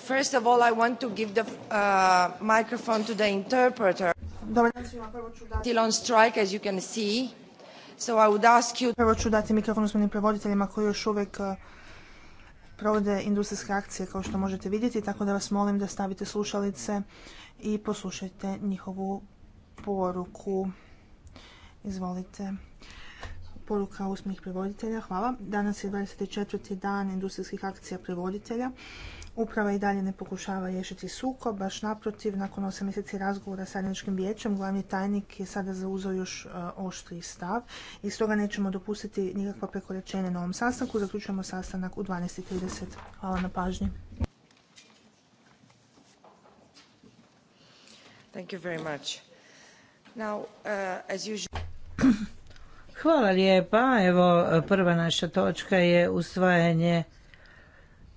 First of all, I want to give the uh, microphone to the interpreter. on strike, as you can see. So I would ask you... Prvo ću dati mikrofon usmenim prevoditeljima koji još uvijek uh, provode industrijske akcije, kao što možete vidjeti, tako da vas molim da stavite slušalice i poslušajte njihovu poruku. Izvolite. Poruka usmenih prevoditelja. Hvala. Danas je 24. dan industrijskih akcija prevoditelja. Uprava i dalje ne pokušava riješiti suko. baš naprotiv, nakon 8 mjeseci razgovora sa radničkim vijećem, glavni tajnik je sada zauzeo još e, oštri stav i stoga nećemo dopustiti nikakva prekoračenja na ovom sastanku. Zaključujemo sastanak u 12.30. Hvala na pažnji. Thank you very much. Now, uh, Hvala lijepa. Evo, prva naša točka je usvajanje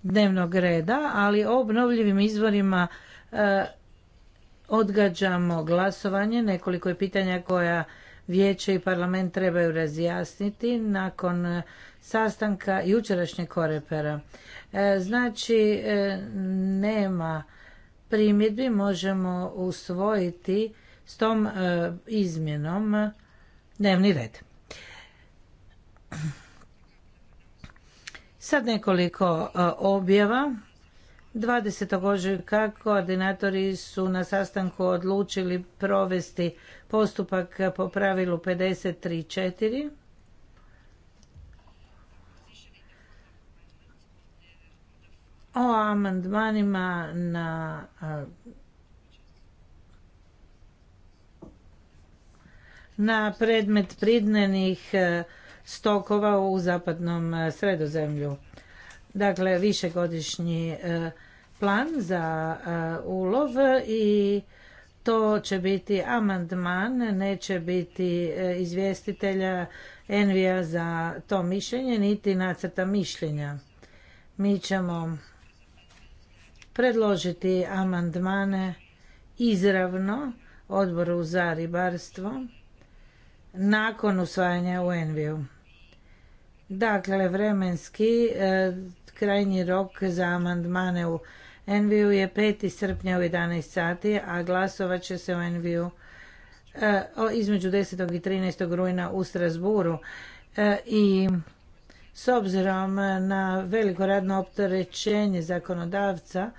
dnevnog reda, ali o obnovljivim izvorima e, odgađamo glasovanje. Nekoliko je pitanja koja vijeće i parlament trebaju razjasniti nakon e, sastanka jučerašnjeg korepera. E, znači, nema primjedbi, možemo usvojiti s tom izmjenom dnevni red. Sad nekoliko e, objava. 20. ožujka koordinatori su na sastanku odlučili provesti postupak po pravilu 53.4. o amandmanima na na predmet pridnenih e, stokova u zapadnom e, sredozemlju. Dakle, višegodišnji e, plan za e, ulov i to će biti amandman, neće biti izvjestitelja Envija za to mišljenje, niti nacrta mišljenja. Mi ćemo predložiti amandmane izravno odboru za ribarstvo nakon usvajanja u Enviju. Dakle, vremenski e, krajnji rok za amandmane u Enviju je 5. srpnja u 11 sati, a glasovat će se u Enviju e, između 10. i 13. rujna u Strasburu. E, I s obzirom na veliko radno opterećenje zakonodavca,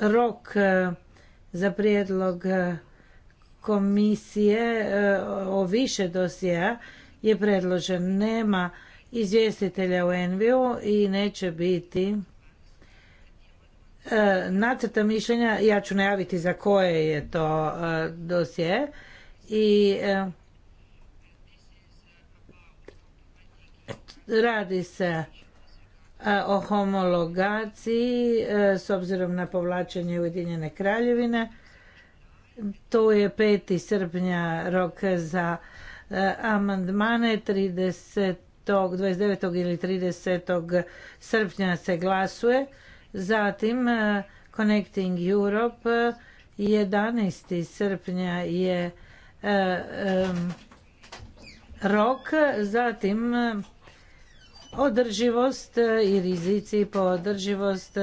rok za prijedlog komisije o više dosjea je predložen. Nema izvjestitelja u Envio i neće biti e, nacrta mišljenja. Ja ću najaviti za koje je to e, dosje. I e, radi se o homologaciji s obzirom na povlačenje Ujedinjene kraljevine. To je 5. srpnja rok za amandmane 30. 29. ili 30. srpnja se glasuje. Zatim e, Connecting Europe 11. srpnja je e, rok, zatim e, održivost i rizici po održivost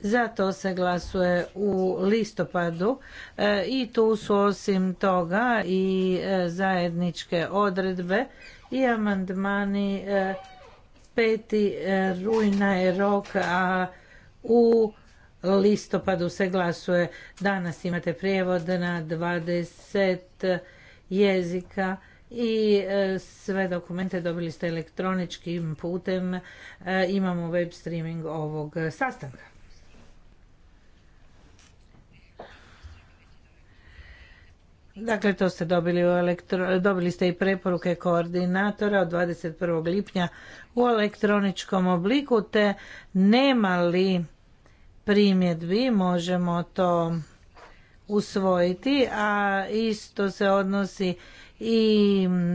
za to se glasuje u listopadu e, i tu su osim toga i e, zajedničke odredbe i amandmani 5. E, rujna je rok, a u listopadu se glasuje. Danas imate prijevod na 20 jezika i sve dokumente dobili ste elektroničkim putem. Imamo web streaming ovog sastanka. Dakle, to ste dobili, u elektro... dobili ste i preporuke koordinatora od 21. lipnja u elektroničkom obliku, te nema li primjedbi, možemo to usvojiti, a isto se odnosi i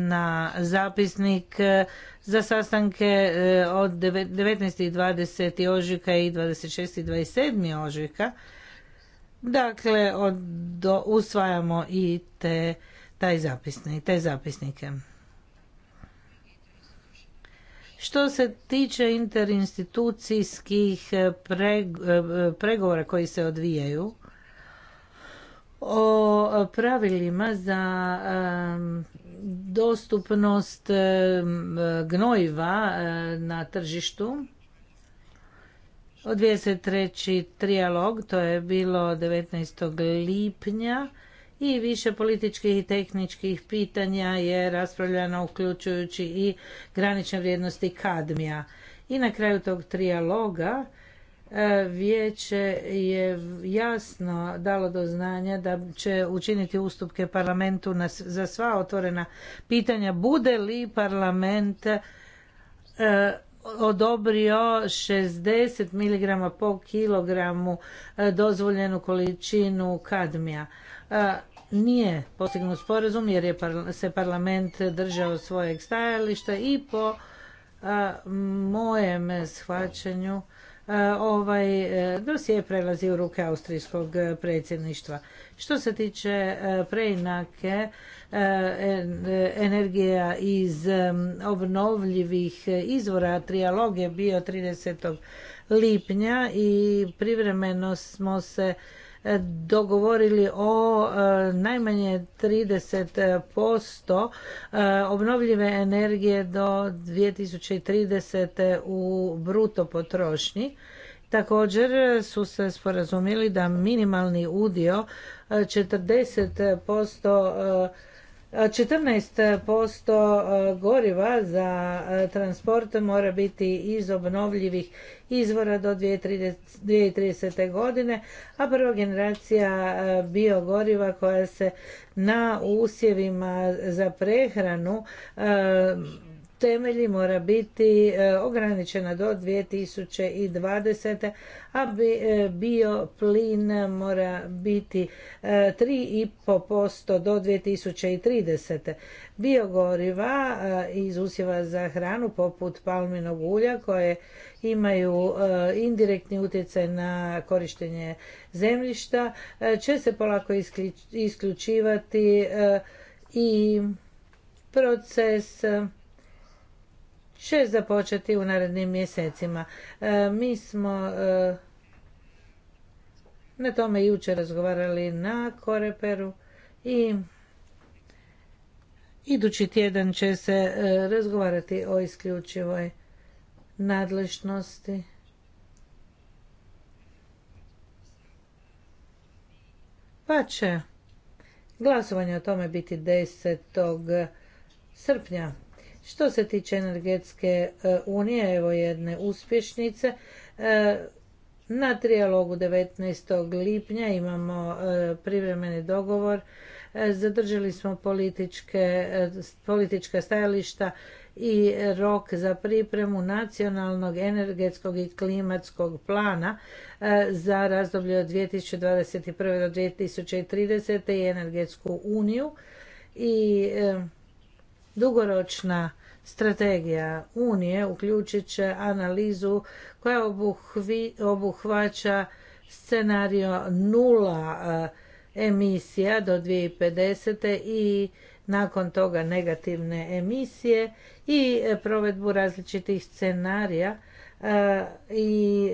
na zapisnik e, za sastanke e, od 19. i 20. ožujka i 26. i 27. ožujka. Dakle, usvajamo i te, taj zapisnik, te zapisnike. Što se tiče interinstitucijskih eh, eh, pregovora koji se odvijaju o pravilima za dostupnost gnojiva eh, na tržištu, Odvije se treći trijalog, to je bilo 19. lipnja i više političkih i tehničkih pitanja je raspravljano uključujući i granične vrijednosti kadmija. I na kraju tog trijaloga e, vijeće je jasno dalo do znanja da će učiniti ustupke parlamentu za sva otvorena pitanja bude li parlament e, odobrio 60 mg po kilogramu e, dozvoljenu količinu kadmija. E, nije postignut sporazum jer je se parlament držao svojeg stajališta i po e, mojem shvaćanju ovaj dosije prelazi u ruke austrijskog predsjedništva. Što se tiče preinake, E, energija iz e, obnovljivih e, izvora. Trijalog je bio 30. lipnja i privremeno smo se dogovorili o najmanje 30% obnovljive energije do 2030. u bruto potrošnji. Također su se sporazumili da minimalni udio 40% 14% e, goriva za e, transport mora biti iz obnovljivih izvora do 2030. godine, a prva generacija e, biogoriva koja se na usjevima za prehranu temelji mora biti e, ograničena do 2020. a e, bioplin mora biti 3,5% e, do 2030. Biogoriva iz usjeva za hranu poput palminog ulja koje imaju indirektni utjecaj na korištenje zemljišta će se polako isključivati i proces će započeti u narednim mjesecima. E, mi smo e, na tome jučer razgovarali na Koreperu i idući tjedan će se e, razgovarati o isključivoj nadležnosti. Pa će glasovanje o tome biti 10. srpnja. Što se tiče energetske e, unije, evo jedne uspješnice. E, na trijalogu 19. lipnja imamo e, privremeni dogovor. Zadržali smo političke, politička stajališta i rok za pripremu nacionalnog energetskog i klimatskog plana za razdoblje od 2021. do 2030. i energetsku uniju. I Dugoročna strategija Unije uključit će analizu koja obuhvaća scenario nula eh, emisija do 2050. i nakon toga negativne emisije i eh, provedbu različitih scenarija eh, i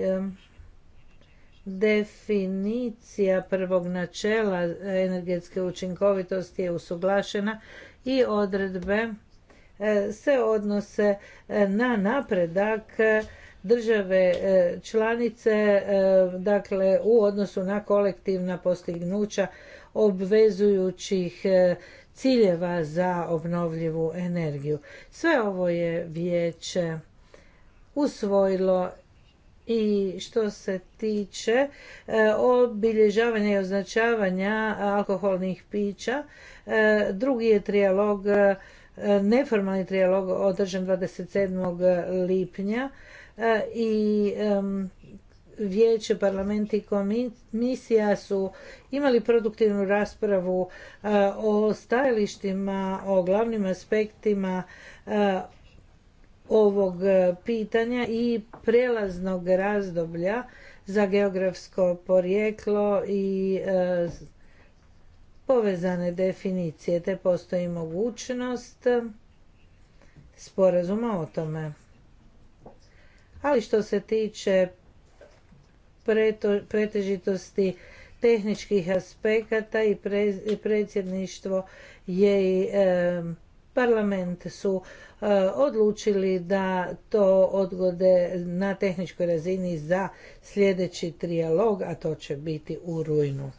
definicija prvog načela energetske učinkovitosti je usuglašena i odredbe e, se odnose e, na napredak e, države članice dakle u odnosu na kolektivna postignuća obvezujućih ciljeva za obnovljivu energiju. Sve ovo je vijeće usvojilo i što se tiče e, obilježavanja i označavanja alkoholnih pića, e, drugi je trijalog, e, neformalni trijalog održan 27. lipnja i vijeće, parlament i komisija su imali produktivnu raspravu o stajalištima, o glavnim aspektima ovog e, pitanja i prelaznog razdoblja za geografsko porijeklo i e, povezane definicije, te postoji mogućnost sporazuma o tome. Ali što se tiče pretežitosti tehničkih aspekata i, predsjedništvo je i e, parlament su e, odlučili da to odgode na tehničkoj razini za sljedeći trijalog, a to će biti u rujnu.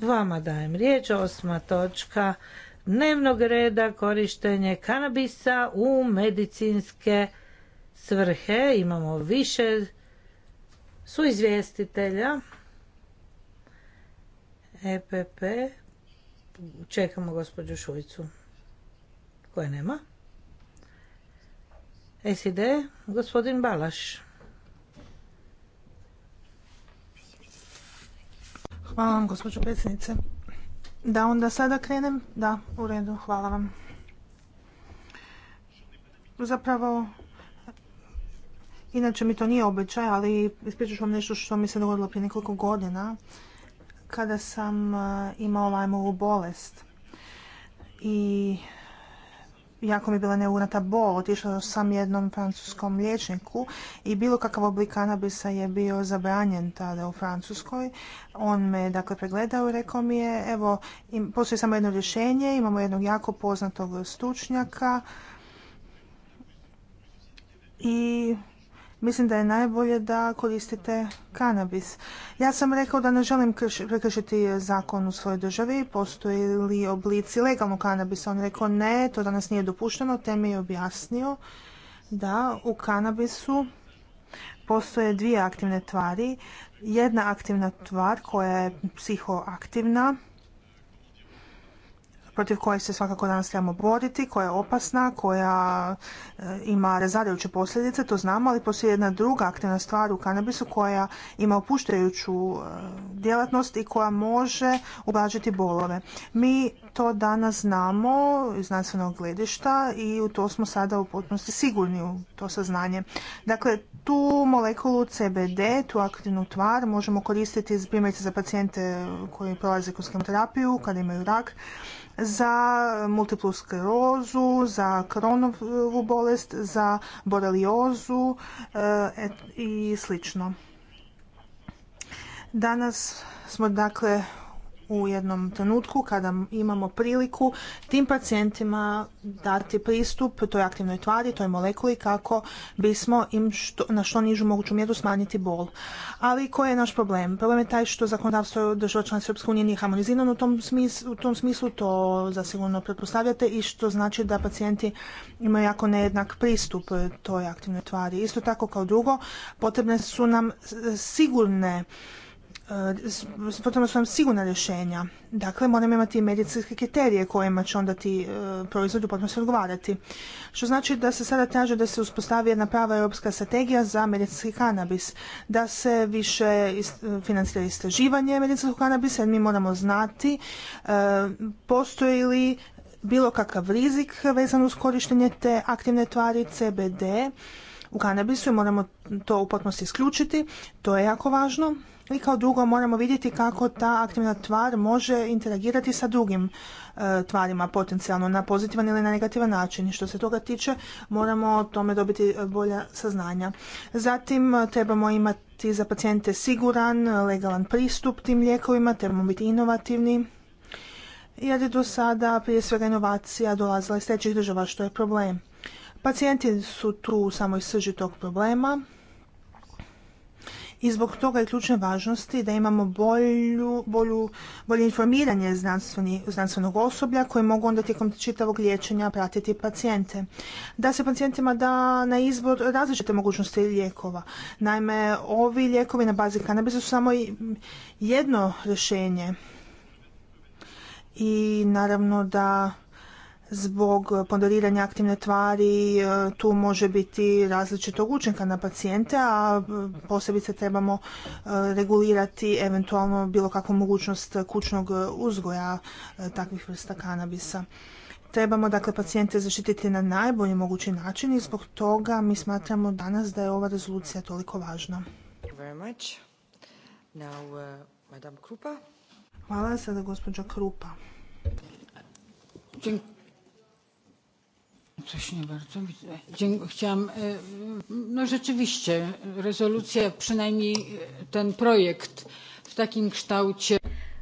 Vama dajem riječ, osma točka dnevnog reda, korištenje kanabisa u medicinske svrhe. Imamo više suizvjestitelja. EPP, čekamo gospođu Šujicu koje nema. SID, gospodin Balaš. Hvala vam, gospođo predsjednice. Da onda sada krenem? Da, u redu, hvala vam. Zapravo, inače mi to nije običaj, ali ispričat ću vam nešto što mi se dogodilo prije nekoliko godina kada sam e, imao Lajmovu bolest i jako mi je bila neunata bol, otišla sam jednom francuskom liječniku i bilo kakav oblik kanabisa je bio zabranjen tada u Francuskoj. On me dakle pregledao i rekao mi je, evo, postoji samo jedno rješenje, imamo jednog jako poznatog stručnjaka i mislim da je najbolje da koristite kanabis. Ja sam rekao da ne želim prekršiti zakon u svojoj državi, postoji li oblici legalnog kanabisa. On rekao ne, to danas nije dopušteno, te mi je objasnio da u kanabisu postoje dvije aktivne tvari. Jedna aktivna tvar koja je psihoaktivna, protiv koje se svakako danas trebamo boriti, koja je opasna, koja e, ima razarajuće posljedice, to znamo, ali postoji jedna druga aktivna stvar u kanabisu koja ima opuštajuću e, djelatnost i koja može ublažiti bolove. Mi to danas znamo iz znanstvenog gledišta i u to smo sada u potpunosti sigurni u to saznanje. Dakle, tu molekulu CBD, tu aktivnu tvar, možemo koristiti primjerice za pacijente koji prolaze kroz kemoterapiju, kada imaju rak, za multiplu sklerozu, za kronovu bolest, za boreliozu eh, i slično. Danas smo dakle u jednom trenutku kada imamo priliku tim pacijentima dati pristup toj aktivnoj tvari, toj molekuli kako bismo im što, na što nižu moguću mjeru smanjiti bol. Ali koji je naš problem? Problem je taj što zakonodavstvo država članica Srpske unije nije harmonizirano u tom, smislu, u tom smislu, to zasigurno pretpostavljate i što znači da pacijenti imaju jako nejednak pristup toj aktivnoj tvari. Isto tako kao drugo, potrebne su nam sigurne potrebno su nam sigurna rješenja. Dakle, moramo imati medicinske kriterije kojima će onda ti e, proizvod potrebno se odgovarati. Što znači da se sada traže da se uspostavi jedna prava europska strategija za medicinski kanabis, da se više financira istraživanje medicinskog kanabisa, jer mi moramo znati e, postoji li bilo kakav rizik vezan uz korištenje te aktivne tvari CBD u kanabisu i moramo to u potpunosti isključiti. To je jako važno. I kao drugo moramo vidjeti kako ta aktivna tvar može interagirati sa drugim e, tvarima potencijalno na pozitivan ili na negativan način. Što se toga tiče moramo o tome dobiti bolja saznanja. Zatim e, trebamo imati za pacijente siguran, legalan pristup tim lijekovima, trebamo biti inovativni jer je do sada prije svega inovacija dolazila iz trećih država što je problem. Pacijenti su tu u samoj srži tog problema i zbog toga je ključne važnosti da imamo bolju, bolje informiranje znanstvenog osoblja koji mogu onda tijekom čitavog liječenja pratiti pacijente. Da se pacijentima da na izbor različite mogućnosti lijekova. Naime, ovi lijekovi na bazi kanabisa su samo jedno rješenje. I naravno da zbog ponderiranja aktivne tvari e, tu može biti različitog učinka na pacijente, a e, posebice trebamo e, regulirati eventualno bilo kakvu mogućnost kućnog uzgoja takvih vrsta kanabisa. Trebamo dakle pacijente zaštititi na najbolji mogući način i zbog toga mi smatramo danas da je ova rezolucija toliko važna. Uh, Hvala sada gospođa Krupa. Jednocześnie bardzo Chciałam, e, no rzeczywiście, rezolucja, przynajmniej ten projekt w takim kształcie.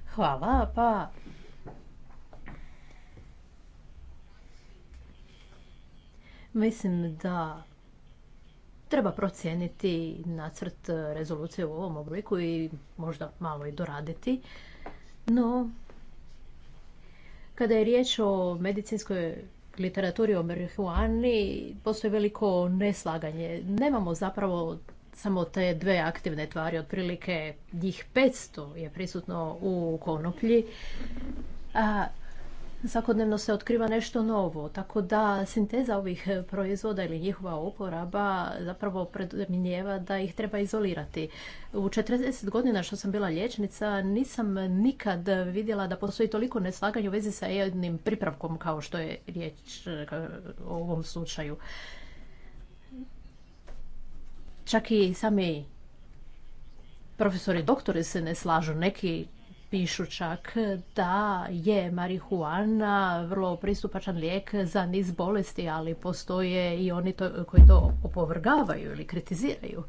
chwała pa Mislim da treba procijeniti nacrt rezolucije u ovom obliku i možda malo i doraditi. No, kada je riječ o medicinskoj literaturi o marihuani postoji veliko neslaganje. Nemamo zapravo samo te dve aktivne tvari, otprilike njih 500 je prisutno u konoplji. A svakodnevno se otkriva nešto novo, tako da sinteza ovih eh, proizvoda ili njihova uporaba zapravo predminjeva da ih treba izolirati. U 40 godina što sam bila liječnica nisam nikad vidjela da postoji toliko neslaganja u vezi sa jednim pripravkom kao što je riječ eh, o ovom slučaju. Čak i sami profesori doktori se ne slažu. Neki pišu čak da je marihuana vrlo pristupačan lijek za niz bolesti, ali postoje i oni koji to opovrgavaju ili kritiziraju.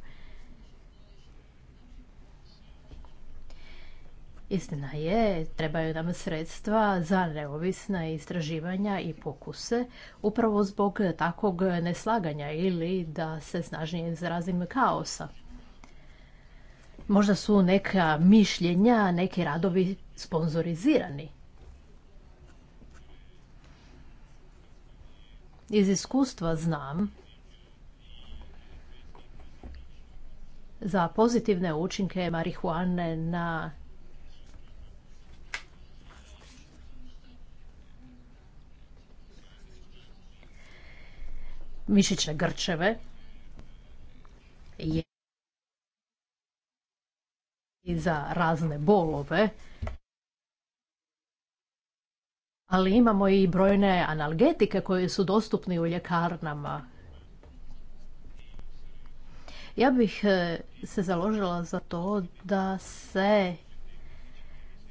Istina je, trebaju nam sredstva za neovisna istraživanja i pokuse, upravo zbog takvog neslaganja ili da se snažnije izrazim kaosa. Možda su neka mišljenja, neki radovi sponzorizirani. Iz iskustva znam za pozitivne učinke marihuane na mišićne grčeve i za razne bolove. Ali imamo i brojne analgetike koje su dostupni u ljekarnama. Ja bih e, se založila za to da se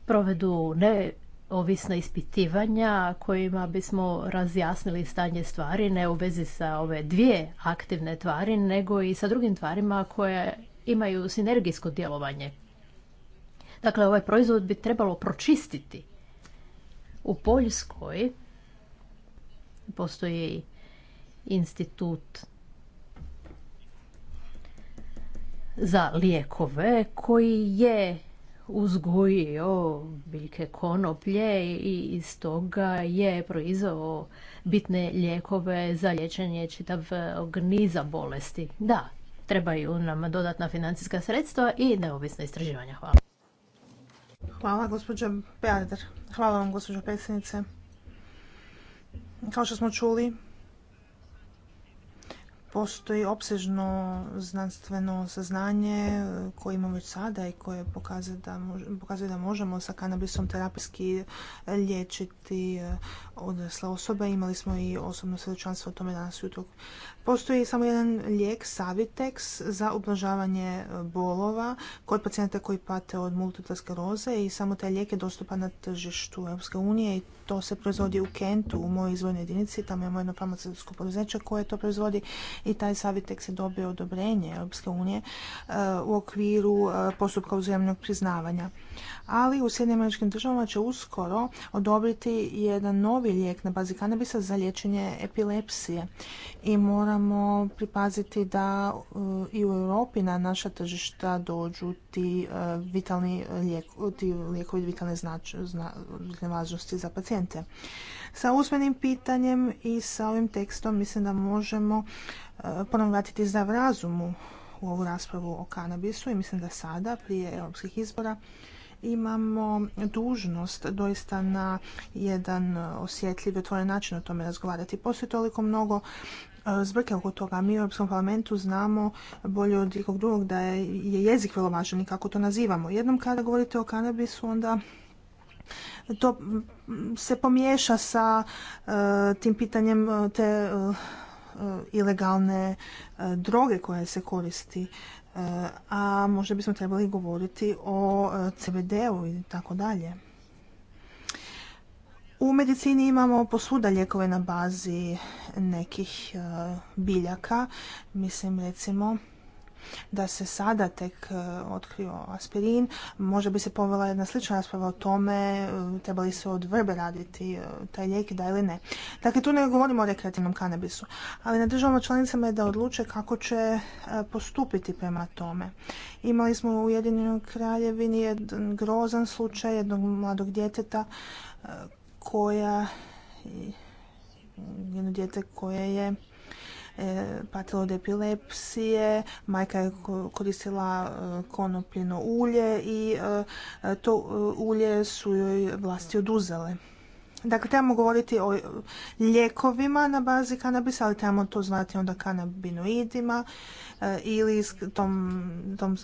provedu neovisna ispitivanja kojima bismo razjasnili stanje stvari ne u vezi sa ove dvije aktivne tvari nego i sa drugim tvarima koje imaju sinergijsko djelovanje. Dakle, ovaj proizvod bi trebalo pročistiti. U Poljskoj postoji institut za lijekove koji je uzgojio biljke konoplje i iz toga je proizvao bitne lijekove za liječenje čitavog niza bolesti. Da, trebaju nam dodatna financijska sredstva i neovisna istraživanja. Hvala. Hvala, gospođa Beader. Hvala vam, gospođo predsjednice. Kao što smo čuli, postoji opsežno znanstveno saznanje koje imamo već sada i koje pokazuje da, možemo sa kanabisom terapijski liječiti e, odrasle osobe. Imali smo i osobno svjedočanstvo o tome danas jutro. Postoji samo jedan lijek, Savitex, za ublažavanje e, bolova kod pacijenta koji pate od multiple i samo taj lijek je dostupan na tržištu Europske unije i to se proizvodi u Kentu, u mojoj izvornoj jedinici, tamo imamo jedno farmaceutsko poduzeće koje to proizvodi i taj Savitex je dobio odobrenje Europske unije e, u okviru e, postupka uzajemnog priznavanja. Ali u Sjedinim američkim državama će uskoro odobriti jedan novi lijek na bazi kanabisa za liječenje epilepsije i mora moramo pripaziti da e, i u Europi na naša tržišta dođu ti e, vitalni ti lijekovi vitalne znač, važnosti za pacijente. Sa usmenim pitanjem i sa ovim tekstom mislim da možemo e, ponovno vratiti zdrav razumu u ovu raspravu o kanabisu i mislim da sada prije europskih izbora imamo dužnost doista na jedan osjetljiv i otvoren način o tome razgovarati. Postoji toliko mnogo E, zbrke oko toga. Mi u Europskom parlamentu znamo bolje od ikog drugog da je jezik vrlo važan i kako to nazivamo. Jednom kada govorite o kanabisu, onda to se pomiješa sa e, tim pitanjem e, te ilegalne droge koja se koristi a možda bismo trebali govoriti o CBD-u i tako dalje. U medicini imamo posuda lijekove na bazi nekih e, biljaka. Mislim recimo da se sada tek e, otkrio aspirin, možda bi se povela jedna slična rasprava o tome e, treba li se od vrbe raditi taj lijek da ili ne. Dakle, tu ne govorimo o rekreativnom kanabisu, ali na državama članicama je da odluče kako će postupiti prema tome. Imali smo u Ujedinjenoj kraljevini jedan grozan slučaj jednog mladog djeteta koja jedno dijete koje je e, patilo od epilepsije, majka je koristila e, konopljeno ulje i e, to ulje su joj vlasti oduzele. Dakle, trebamo govoriti o lijekovima na bazi kanabisa, ali trebamo to zvati onda kanabinoidima eh, ili s tom, tom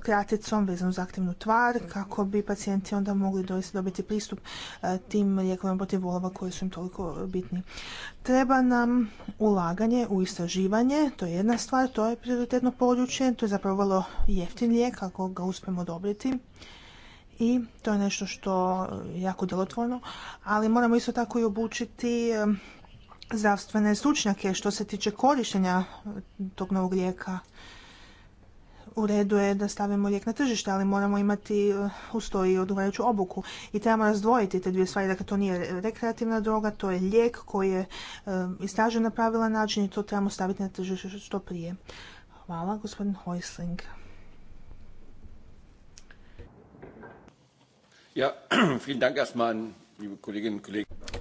kraticom vezanom za aktivnu tvar kako bi pacijenti onda mogli doista dobiti pristup eh, tim lijekovima protiv volova koji su im toliko bitni. Treba nam ulaganje u istraživanje, to je jedna stvar, to je prioritetno područje, to je zapravo vrlo jeftin lijek ako ga uspemo dobiti i to je nešto što je jako djelotvorno, ali moramo isto tako i obučiti e, zdravstvene stručnjake što se tiče korištenja e, tog novog lijeka. U redu je da stavimo lijek na tržište, ali moramo imati e, uz to odgovarajuću obuku. I trebamo razdvojiti te dvije stvari, dakle to nije rekreativna droga, to je lijek koji je istražen na pravilan način i to trebamo staviti na tržište što prije. Hvala, gospodin Hojsling.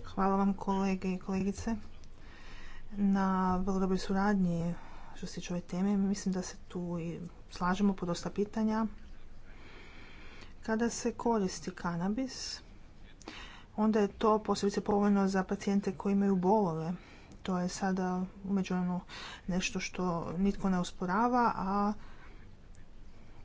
Hvala vam kolege i kolegice na vrlo dobroj suradnji što se tiče ove teme. Mislim da se tu i slažemo po dosta pitanja. Kada se koristi kanabis, onda je to posebice povoljno za pacijente koji imaju bolove. To je sada umeđu ono nešto što nitko ne usporava, a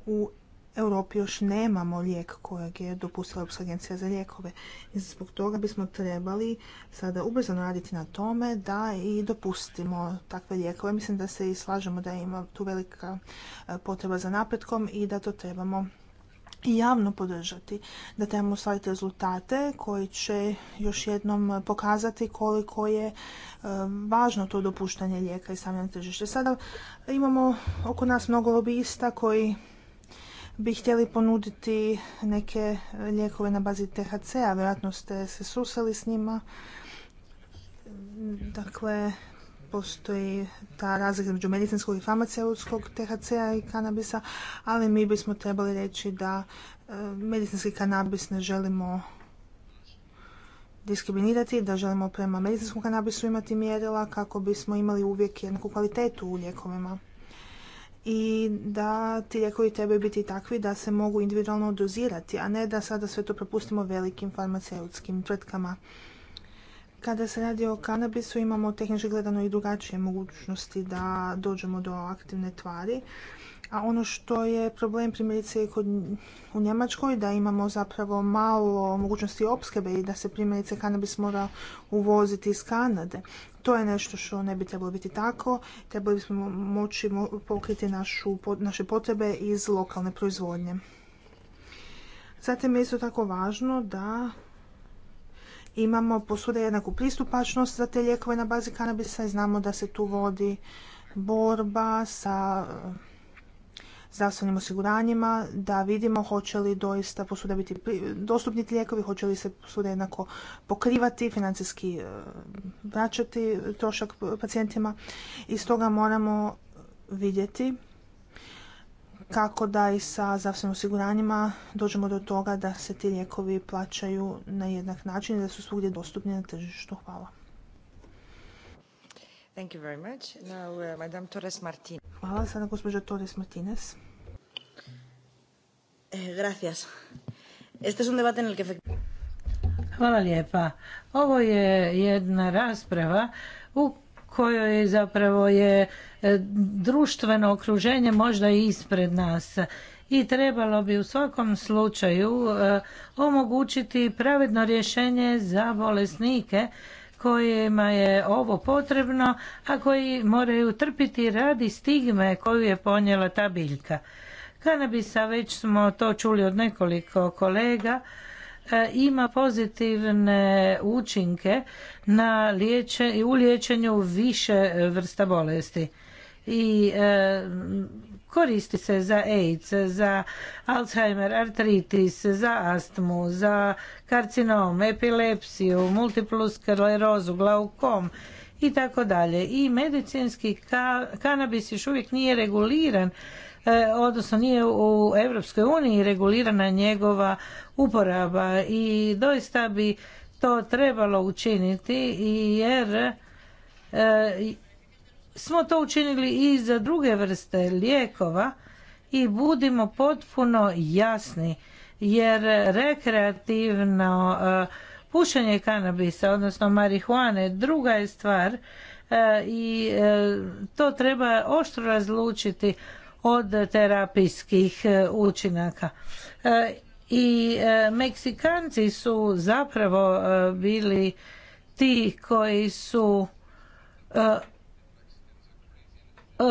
u Europi još nemamo lijek kojeg je dopustila Europska agencija za lijekove. I zbog toga bismo trebali sada ubrzano raditi na tome da i dopustimo takve lijekove. Mislim da se i slažemo da ima tu velika e, potreba za napretkom i da to trebamo i javno podržati, da trebamo ostvariti rezultate koji će još jednom pokazati koliko je e, važno to dopuštanje lijeka i stavljanje tržište. Sada imamo oko nas mnogo lobista koji bi htjeli ponuditi neke lijekove na bazi THC-a, vjerojatno ste se suseli s njima. Dakle, postoji ta razlika između medicinskog i farmaceutskog THC-a i kanabisa, ali mi bismo trebali reći da e, medicinski kanabis ne želimo diskriminirati, da želimo prema medicinskom kanabisu imati mjerila kako bismo imali uvijek jednaku kvalitetu u lijekovima i da ti lijekovi trebaju biti takvi da se mogu individualno dozirati, a ne da sada sve to propustimo velikim farmaceutskim tvrtkama. Kada se radi o kanabisu imamo tehnički gledano i drugačije mogućnosti da dođemo do aktivne tvari a ono što je problem primjerice kod, u Njemačkoj da imamo zapravo malo mogućnosti opskrbe i da se primjerice kanabis mora uvoziti iz Kanade. To je nešto što ne bi trebalo biti tako. Trebali bismo moći pokriti našu, naše potrebe iz lokalne proizvodnje. Zatim je isto tako važno da imamo posude jednaku pristupačnost za te lijekove na bazi kanabisa i znamo da se tu vodi borba sa zdravstvenim osiguranjima, da vidimo hoće li doista posuda biti dostupni lijekovi, hoće li se posuda jednako pokrivati, financijski e, vraćati trošak pacijentima. I stoga moramo vidjeti kako da i sa zdravstvenim osiguranjima dođemo do toga da se ti lijekovi plaćaju na jednak način i da su svugdje dostupni na tržištu. Hvala. Thank you very much. Now, uh, Madame Torres Martin. Hvala sada gospođa Torres Martinez. Eh, gracias. Este es un debate en el que... Hvala lijepa. Ovo je jedna rasprava u kojoj zapravo je e, društveno okruženje možda i ispred nas i trebalo bi u svakom slučaju e, omogućiti pravedno rješenje za bolesnike kojima je ovo potrebno, a koji moraju trpiti radi stigme koju je ponijela ta biljka. Kanabisa, već smo to čuli od nekoliko kolega, e, ima pozitivne učinke na liječe u liječenju više vrsta bolesti. I e, koristi se za AIDS, za Alzheimer, artritis, za astmu, za karcinom, epilepsiju, multiplu sklerozu, glaukom i tako dalje. I medicinski kanabis još uvijek nije reguliran e, odnosno nije u Europskoj uniji regulirana njegova uporaba i doista bi to trebalo učiniti jer e, smo to učinili i za druge vrste lijekova i budimo potpuno jasni jer rekreativno e, pušenje kanabisa odnosno marihuane druga je stvar e, i e, to treba oštro razlučiti od terapijskih učinaka. I Meksikanci su zapravo bili ti koji su E,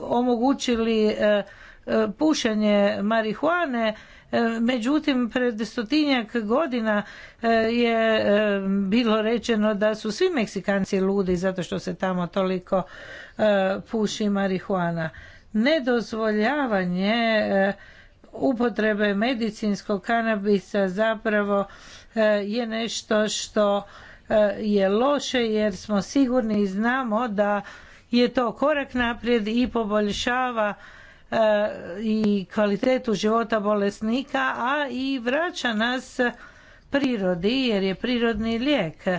omogućili e, e, pušenje marihuane međutim pred stotinjak godina je bilo rečeno da su svi Meksikanci ludi zato što se tamo toliko puši marihuana nedozvoljavanje upotrebe medicinskog kanabisa zapravo je nešto što je loše jer smo sigurni i znamo da je to korak naprijed i poboljšava e, i kvalitetu života bolesnika, a i vraća nas prirodi jer je prirodni lijek e,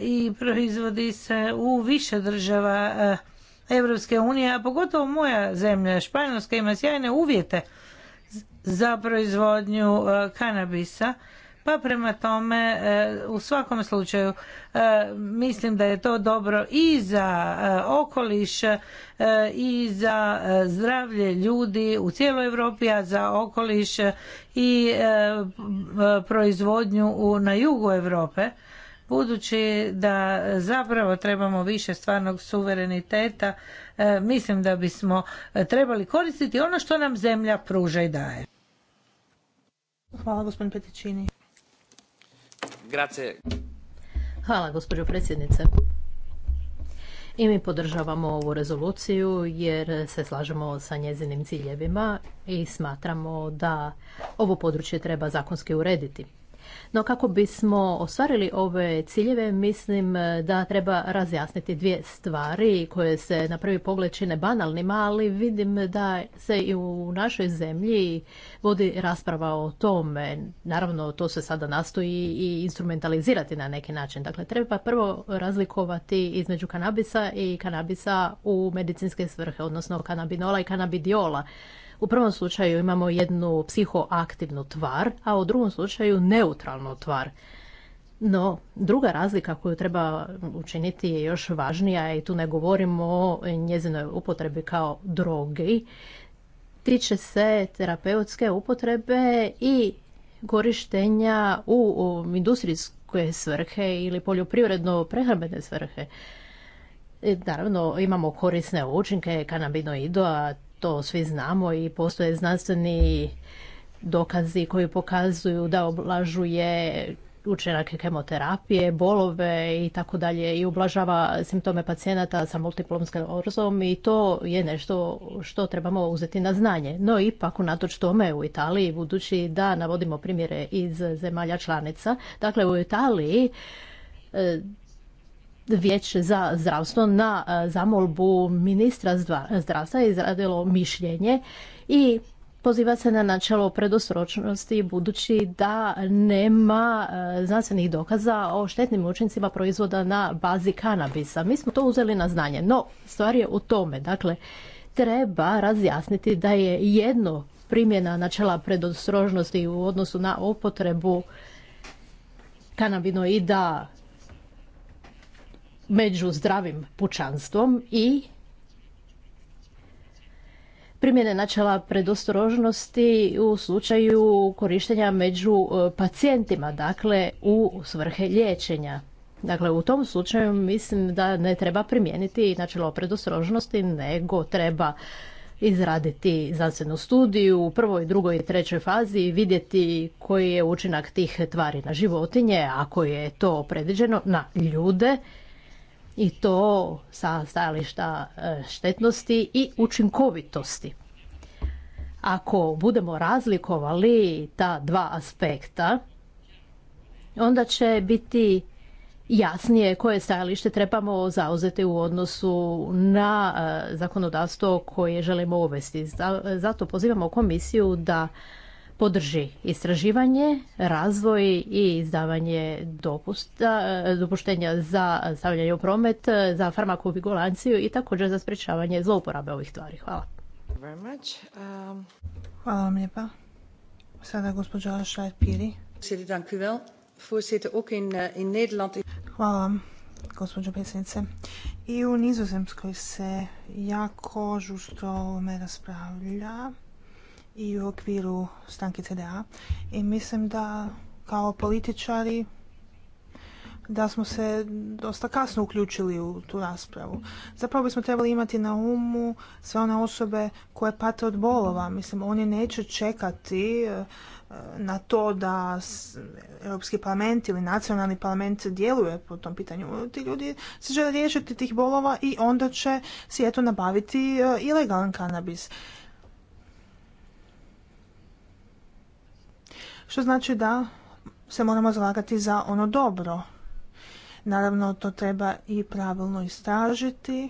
i proizvodi se u više država Europske unije, a pogotovo moja zemlja, Španjolska ima sjajne uvjete za proizvodnju e, kanabisa pa prema tome e, u svakom slučaju e, mislim da je to dobro i za e, okoliš i za zdravlje ljudi u cijeloj Europi, a za okoliš i proizvodnju na jugu Europe budući da zapravo trebamo više stvarnog suvereniteta mislim da bismo trebali koristiti ono što nam zemlja pruža i daje. Hvala gospodin Peticini. Hvala, gospođo predsjednice. I mi podržavamo ovu rezoluciju jer se slažemo sa njezinim ciljevima i smatramo da ovo područje treba zakonski urediti. No kako bismo ostvarili ove ciljeve, mislim e, da treba razjasniti dvije stvari koje se na prvi pogled čine banalnima, ali vidim da se i u našoj zemlji vodi rasprava o tome. Naravno, to se sada nastoji i instrumentalizirati na neki način. Dakle, treba prvo razlikovati između kanabisa i kanabisa u medicinske svrhe, odnosno kanabinola i kanabidiola. U prvom slučaju imamo jednu psihoaktivnu tvar, a u drugom slučaju neutralnu tvar. No, druga razlika koju treba učiniti je još važnija i tu ne govorimo o njezinoj upotrebi kao drogi. Tiče se terapeutske upotrebe i korištenja u industrijske svrhe ili poljoprivredno-prehrambene svrhe. E, naravno, imamo korisne učinke kanabinoidoa, to svi znamo i postoje znanstveni dokazi koji pokazuju da oblažuje učenak kemoterapije, bolove i tako dalje i ublažava simptome pacijenata sa multiplom sklerozom i to je nešto što trebamo uzeti na znanje. No ipak unatoč tome u Italiji budući da navodimo primjere iz zemalja članica, dakle u Italiji e, Vijeće za zdravstvo na e, zamolbu ministra zdravstva izradilo mišljenje i poziva se na načelo predostročnosti budući da nema e, znanstvenih dokaza o štetnim učincima proizvoda na bazi kanabisa. Mi smo to uzeli na znanje, no stvar je u tome. Dakle, treba razjasniti da je jedno primjena načela predostrožnosti u odnosu na opotrebu kanabinoida među zdravim pučanstvom i primjene načela predostrožnosti u slučaju korištenja među e, pacijentima, dakle u svrhe liječenja. Dakle, u tom slučaju mislim da ne treba primijeniti načelo predostrožnosti, nego treba izraditi znanstvenu studiju u prvoj, drugoj i trećoj fazi i vidjeti koji je učinak tih tvari na životinje, ako je to predviđeno na ljude i to sa stajališta e, štetnosti i učinkovitosti. Ako budemo razlikovali ta dva aspekta, onda će biti jasnije koje stajalište trebamo zauzeti u odnosu na e, zakonodavstvo koje želimo uvesti. Zato pozivamo komisiju da podrži istraživanje, razvoj i izdavanje dopusta, dopuštenja za stavljanje u promet, za farmakovigulanciju i također za sprječavanje zlouporabe ovih tvari. Hvala. Um, Hvala vam lijepa. Sada gospođa Šajpiri. Eh, Hvala vam, gospođo predsjednice. I u Nizozemskoj se jako žusto o raspravlja i u okviru stanke CDA i mislim da kao političari da smo se dosta kasno uključili u tu raspravu. Zapravo bismo trebali imati na umu sve one osobe koje pate od bolova. Mislim, oni neće čekati eh, na to da Europski parlament ili nacionalni parlament djeluje po tom pitanju. Ti ljudi se žele riješiti tih bolova i onda će svijetu nabaviti eh, ilegalan kanabis. Što znači da se moramo zalagati za ono dobro. Naravno, to treba i pravilno istražiti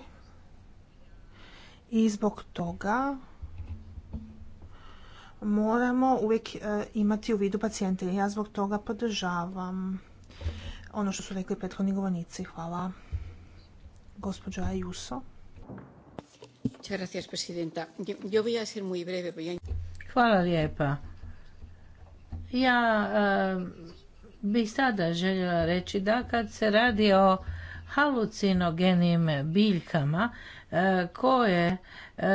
i zbog toga moramo uvijek e, imati u vidu pacijente. Ja zbog toga podržavam ono što su rekli prethodni govornici. Hvala. Gospođa Ayuso. Hvala lijepa. Ja bih sada željela reći da kad se radi o halucinogenim biljkama e, koje e,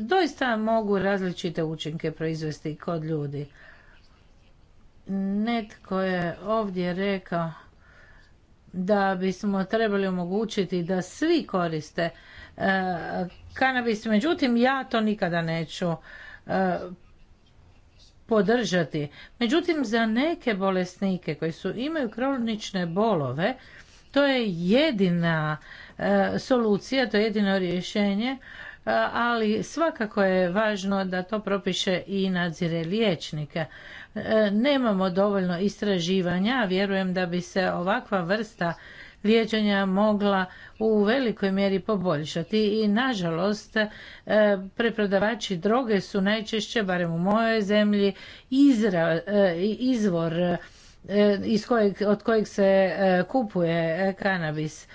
doista mogu različite učinke proizvesti kod ljudi. Netko je ovdje rekao da bismo trebali omogućiti da svi koriste e, kanabis, međutim ja to nikada neću podržati. Međutim, za neke bolesnike koji su imaju kronične bolove, to je jedina e, solucija, to je jedino rješenje, e, ali svakako je važno da to propiše i nadzire liječnika. E, nemamo dovoljno istraživanja, vjerujem da bi se ovakva vrsta liječenja mogla u velikoj mjeri poboljšati i nažalost e, preprodavači droge su najčešće, barem u mojoj zemlji, izra, e, izvor e, iz kojeg, od kojeg se kupuje kanabis.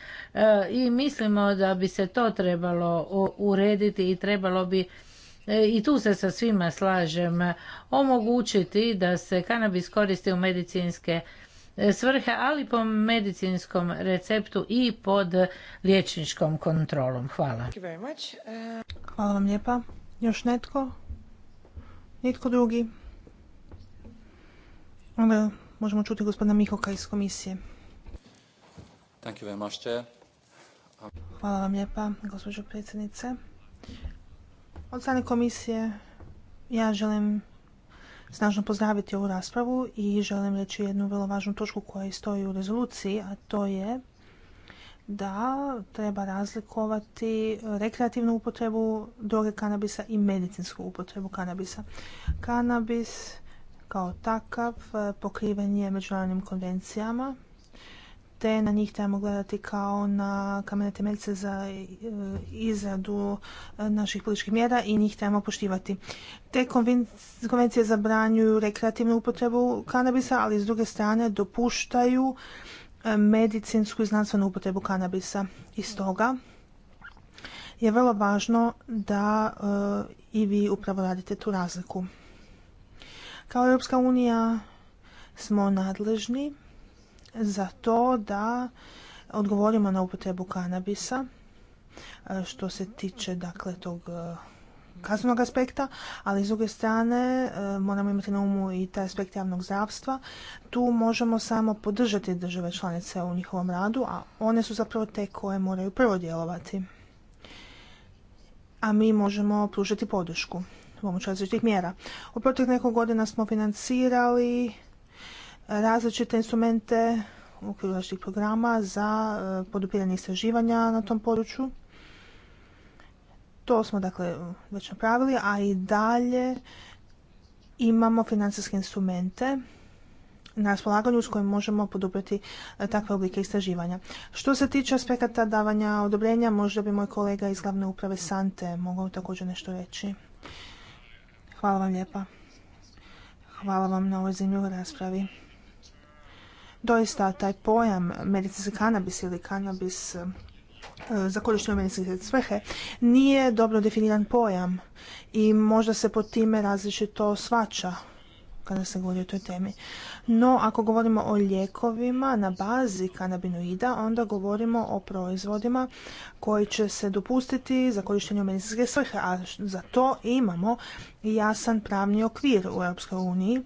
I mislimo da bi se to trebalo urediti i trebalo bi i tu se sa svima slažem, omogućiti da se kanabis koristi u medicinske E, svrhe, ali po medicinskom receptu i pod liječničkom kontrolom. Hvala. Uh, Hvala vam lijepa. Još netko? Nitko drugi? Onda možemo čuti gospodina Mihoka iz komisije. Hvala vam lijepa, gospođo predsjednice. Od strane komisije ja želim snažno pozdraviti ovu raspravu i želim reći jednu vrlo važnu točku koja stoji u rezoluciji, a to je da treba razlikovati rekreativnu upotrebu droge kanabisa i medicinsku upotrebu kanabisa. Kanabis kao takav eh, pokriven je međunarodnim konvencijama te na njih trebamo gledati kao na kamene temeljce za e, izradu e, naših političkih mjera i njih trebamo poštivati. Te konvencije zabranjuju rekreativnu upotrebu kanabisa, ali s druge strane dopuštaju e, medicinsku i znanstvenu upotrebu kanabisa. I stoga je vrlo važno da i vi upravo radite tu razliku. Kao Europska unija smo nadležni za to da odgovorimo na upotrebu kanabisa e, što se tiče dakle tog e, kaznenog aspekta, ali s druge strane e, moramo imati na umu i taj aspekt javnog zdravstva. Tu možemo samo podržati države članice u njihovom radu, a one su zapravo te koje moraju prvo djelovati. A mi možemo pružiti podršku pomoću različitih mjera. U protiv nekog godina smo financirali različite instrumente u okviru programa za e, podupiranje istraživanja na tom području. To smo dakle već napravili, a i dalje imamo financijske instrumente na raspolaganju s kojim možemo podupriti e, takve oblike istraživanja. Što se tiče aspekata davanja odobrenja, možda bi moj kolega iz glavne uprave Sante mogao također nešto reći. Hvala vam lijepa. Hvala vam na ovoj zemljivoj raspravi doista taj pojam medicinski kanabis ili kanabis e, za korištenje medicinske svrhe nije dobro definiran pojam i možda se pod time različito svača kada se govori o toj temi. No, ako govorimo o lijekovima na bazi kanabinoida, onda govorimo o proizvodima koji će se dopustiti za korištenje u medicinske svrhe, a za to imamo jasan pravni okvir u Europskoj uniji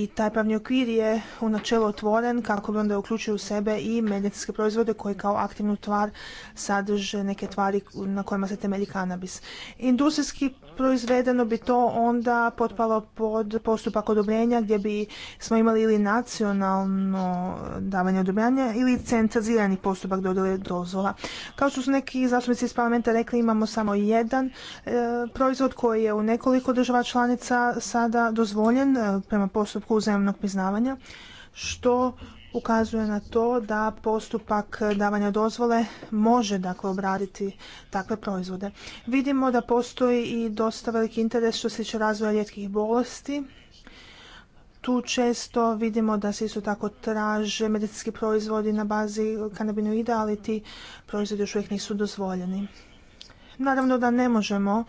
i taj pravni okvir je u načelu otvoren kako bi onda uključio u sebe i medicinske proizvode koji kao aktivnu tvar sadrže neke tvari na kojima se temelji kanabis. Industrijski proizvedeno bi to onda potpalo pod postupak odobrenja gdje bi smo imali ili nacionalno davanje odobrenja ili centralizirani postupak dodjele dozvola. Kao što su neki zastupnici iz parlamenta rekli, imamo samo jedan e, proizvod koji je u nekoliko država članica sada dozvoljen e, prema postupku uzajamnog priznavanja što ukazuje na to da postupak davanja dozvole može dakle obraditi takve proizvode. Vidimo da postoji i dosta veliki interes što se tiče razvoja rijetkih bolesti. Tu često vidimo da se isto tako traže medicinski proizvodi na bazi kanabinoida, ali ti proizvodi još uvijek nisu dozvoljeni. Naravno da ne možemo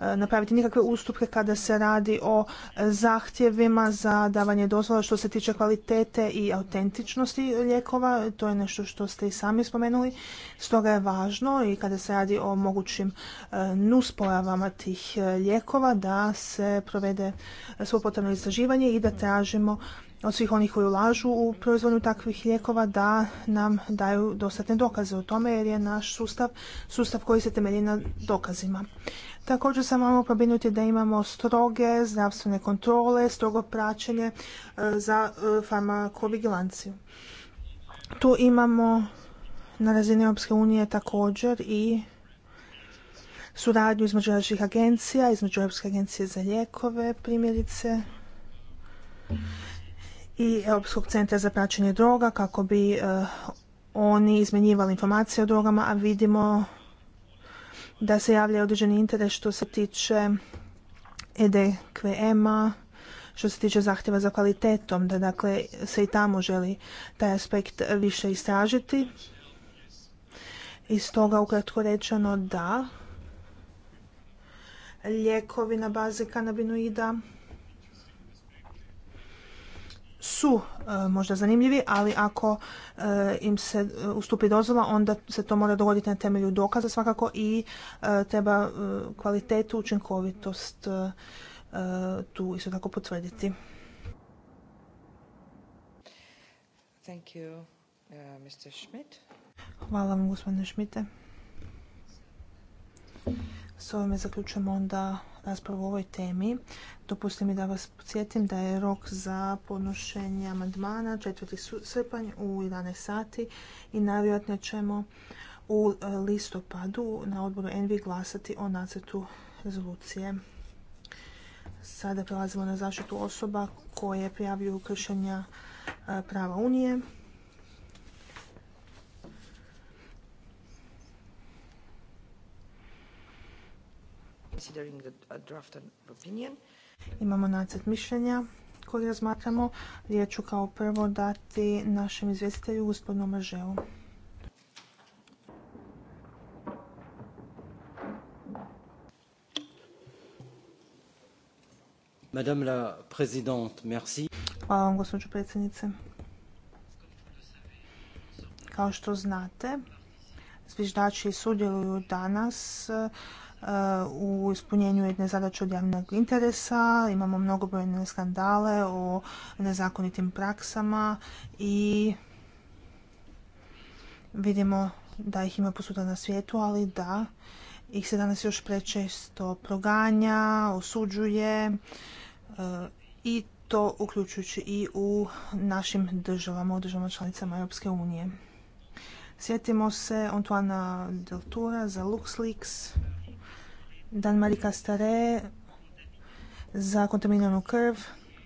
E, napraviti nikakve ustupke kada se radi o zahtjevima za davanje dozvola što se tiče kvalitete i autentičnosti lijekova. To je nešto što ste i sami spomenuli. Stoga je važno i kada se radi o mogućim e, nuspojavama tih e, lijekova da se provede svo potrebno istraživanje i da tražimo od svih onih koji ulažu u proizvodnju takvih lijekova da nam daju dostatne dokaze o tome jer je naš sustav sustav koji se temelji na dokazima. Također sam vam pobrinuti da imamo stroge zdravstvene kontrole, strogo praćenje e, za e, farmakovigilanciju. Tu imamo na razini Europske unije također i suradnju između naših agencija, između Europske agencije za lijekove primjerice i Europskog centra za praćenje droga kako bi e, oni izmenjivali informacije o drogama, a vidimo da se javlja određeni interes što se tiče EDQM-a, e što se tiče zahtjeva za kvalitetom, da dakle se i tamo želi taj aspekt više istražiti. I stoga ukratko rečeno da lijekovi na bazi kanabinoida su e, možda zanimljivi, ali ako e, im se e, ustupi dozvola, onda se to mora dogoditi na temelju dokaza svakako i treba kvalitetu, učinkovitost tu isto tako potvrditi. Hvala vam, gospodine Šmite. S ovime zaključujemo onda raspravu o ovoj temi. Dopustite mi da vas podsjetim da je rok za podnošenje amandmana 4. srpanj u 11 sati i najvjerojatnije ćemo u e, listopadu na odboru Envi glasati o nacrtu rezolucije. Sada prelazimo na zaštitu osoba koje prijavljuju kršenja e, prava Unije. considering the Imamo nacrt mišljenja koji razmatramo. Riječ ću kao prvo dati našem izvjestitelju gospodinu Maževu. Madame la présidente, merci. Hvala vam, gospođo predsjednice. Kao što znate, zviždači sudjeluju danas u ispunjenju jedne zadaće od javnog interesa, imamo mnogobrojne skandale o nezakonitim praksama i vidimo da ih ima posuda na svijetu, ali da ih se danas još prečesto proganja, osuđuje e, i to uključujući i u našim državama, u državama članicama Europske unije. Sjetimo se Antoana Deltura za LuxLeaks, Dan-Marie Castare za kontaminiranu krv,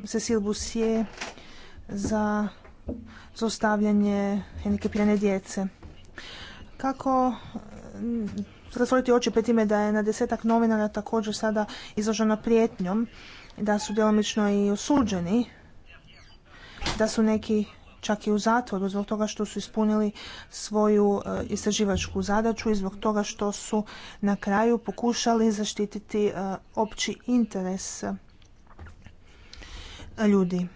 Cecil Bussier za zlostavljanje hendikepirane djece. Kako mm, zatvoriti oči pred time da je na desetak novinara također sada izložena prijetnjom, da su djelomično i osuđeni, da su neki čak i u zatvoru zbog toga što su ispunili svoju e, istraživačku zadaću i zbog toga što su na kraju pokušali zaštititi e, opći interes e, ljudi.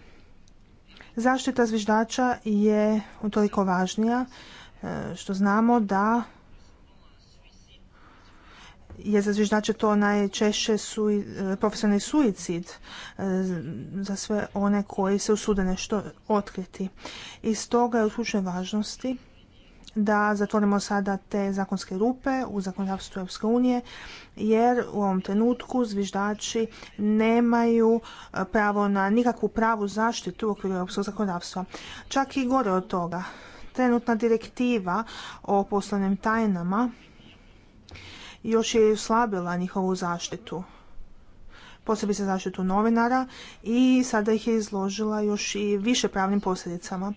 Zaštita zviždača je utoliko važnija što znamo da je za zviždače to najčešće e, profesionalni suicid e, za sve one koji se usude nešto otkriti. I stoga je u slučaju važnosti da zatvorimo sada te zakonske rupe u zakonodavstvu Europske unije, jer u ovom trenutku zviždači nemaju e, pravo na nikakvu pravu zaštitu u okviru europskog zakonodavstva. Čak i gore od toga, trenutna direktiva o poslovnim tajnama još je slabila njihovu zaštitu posebice zaštitu novinara i sada ih je izložila još i više pravnim posljedicama.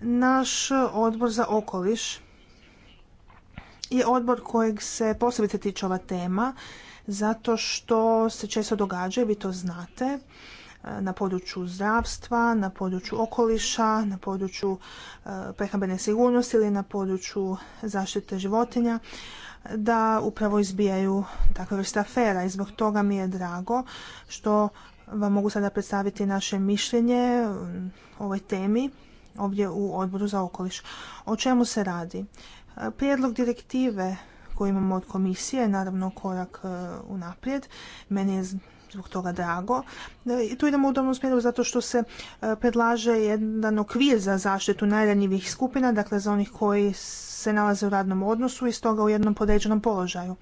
Naš odbor za okoliš je odbor kojeg se posebice tiče ova tema zato što se često događa, i vi to znate, e, na području zdravstva, na području okoliša, na području e, prehrambene sigurnosti ili na području zaštite životinja da upravo izbijaju takve vrste afera i zbog toga mi je drago što vam mogu sada predstaviti naše mišljenje mm, o ovoj temi ovdje u Odboru za okoliš. O čemu se radi? Prijedlog direktive koji imamo od komisije je naravno korak e, unaprijed. Meni je zbog toga drago. E, I tu idemo u dobrom smjeru zato što se e, predlaže jedan okvir za zaštitu najranjivih skupina, dakle za onih koji se nalaze u radnom odnosu i stoga u jednom podređenom položaju.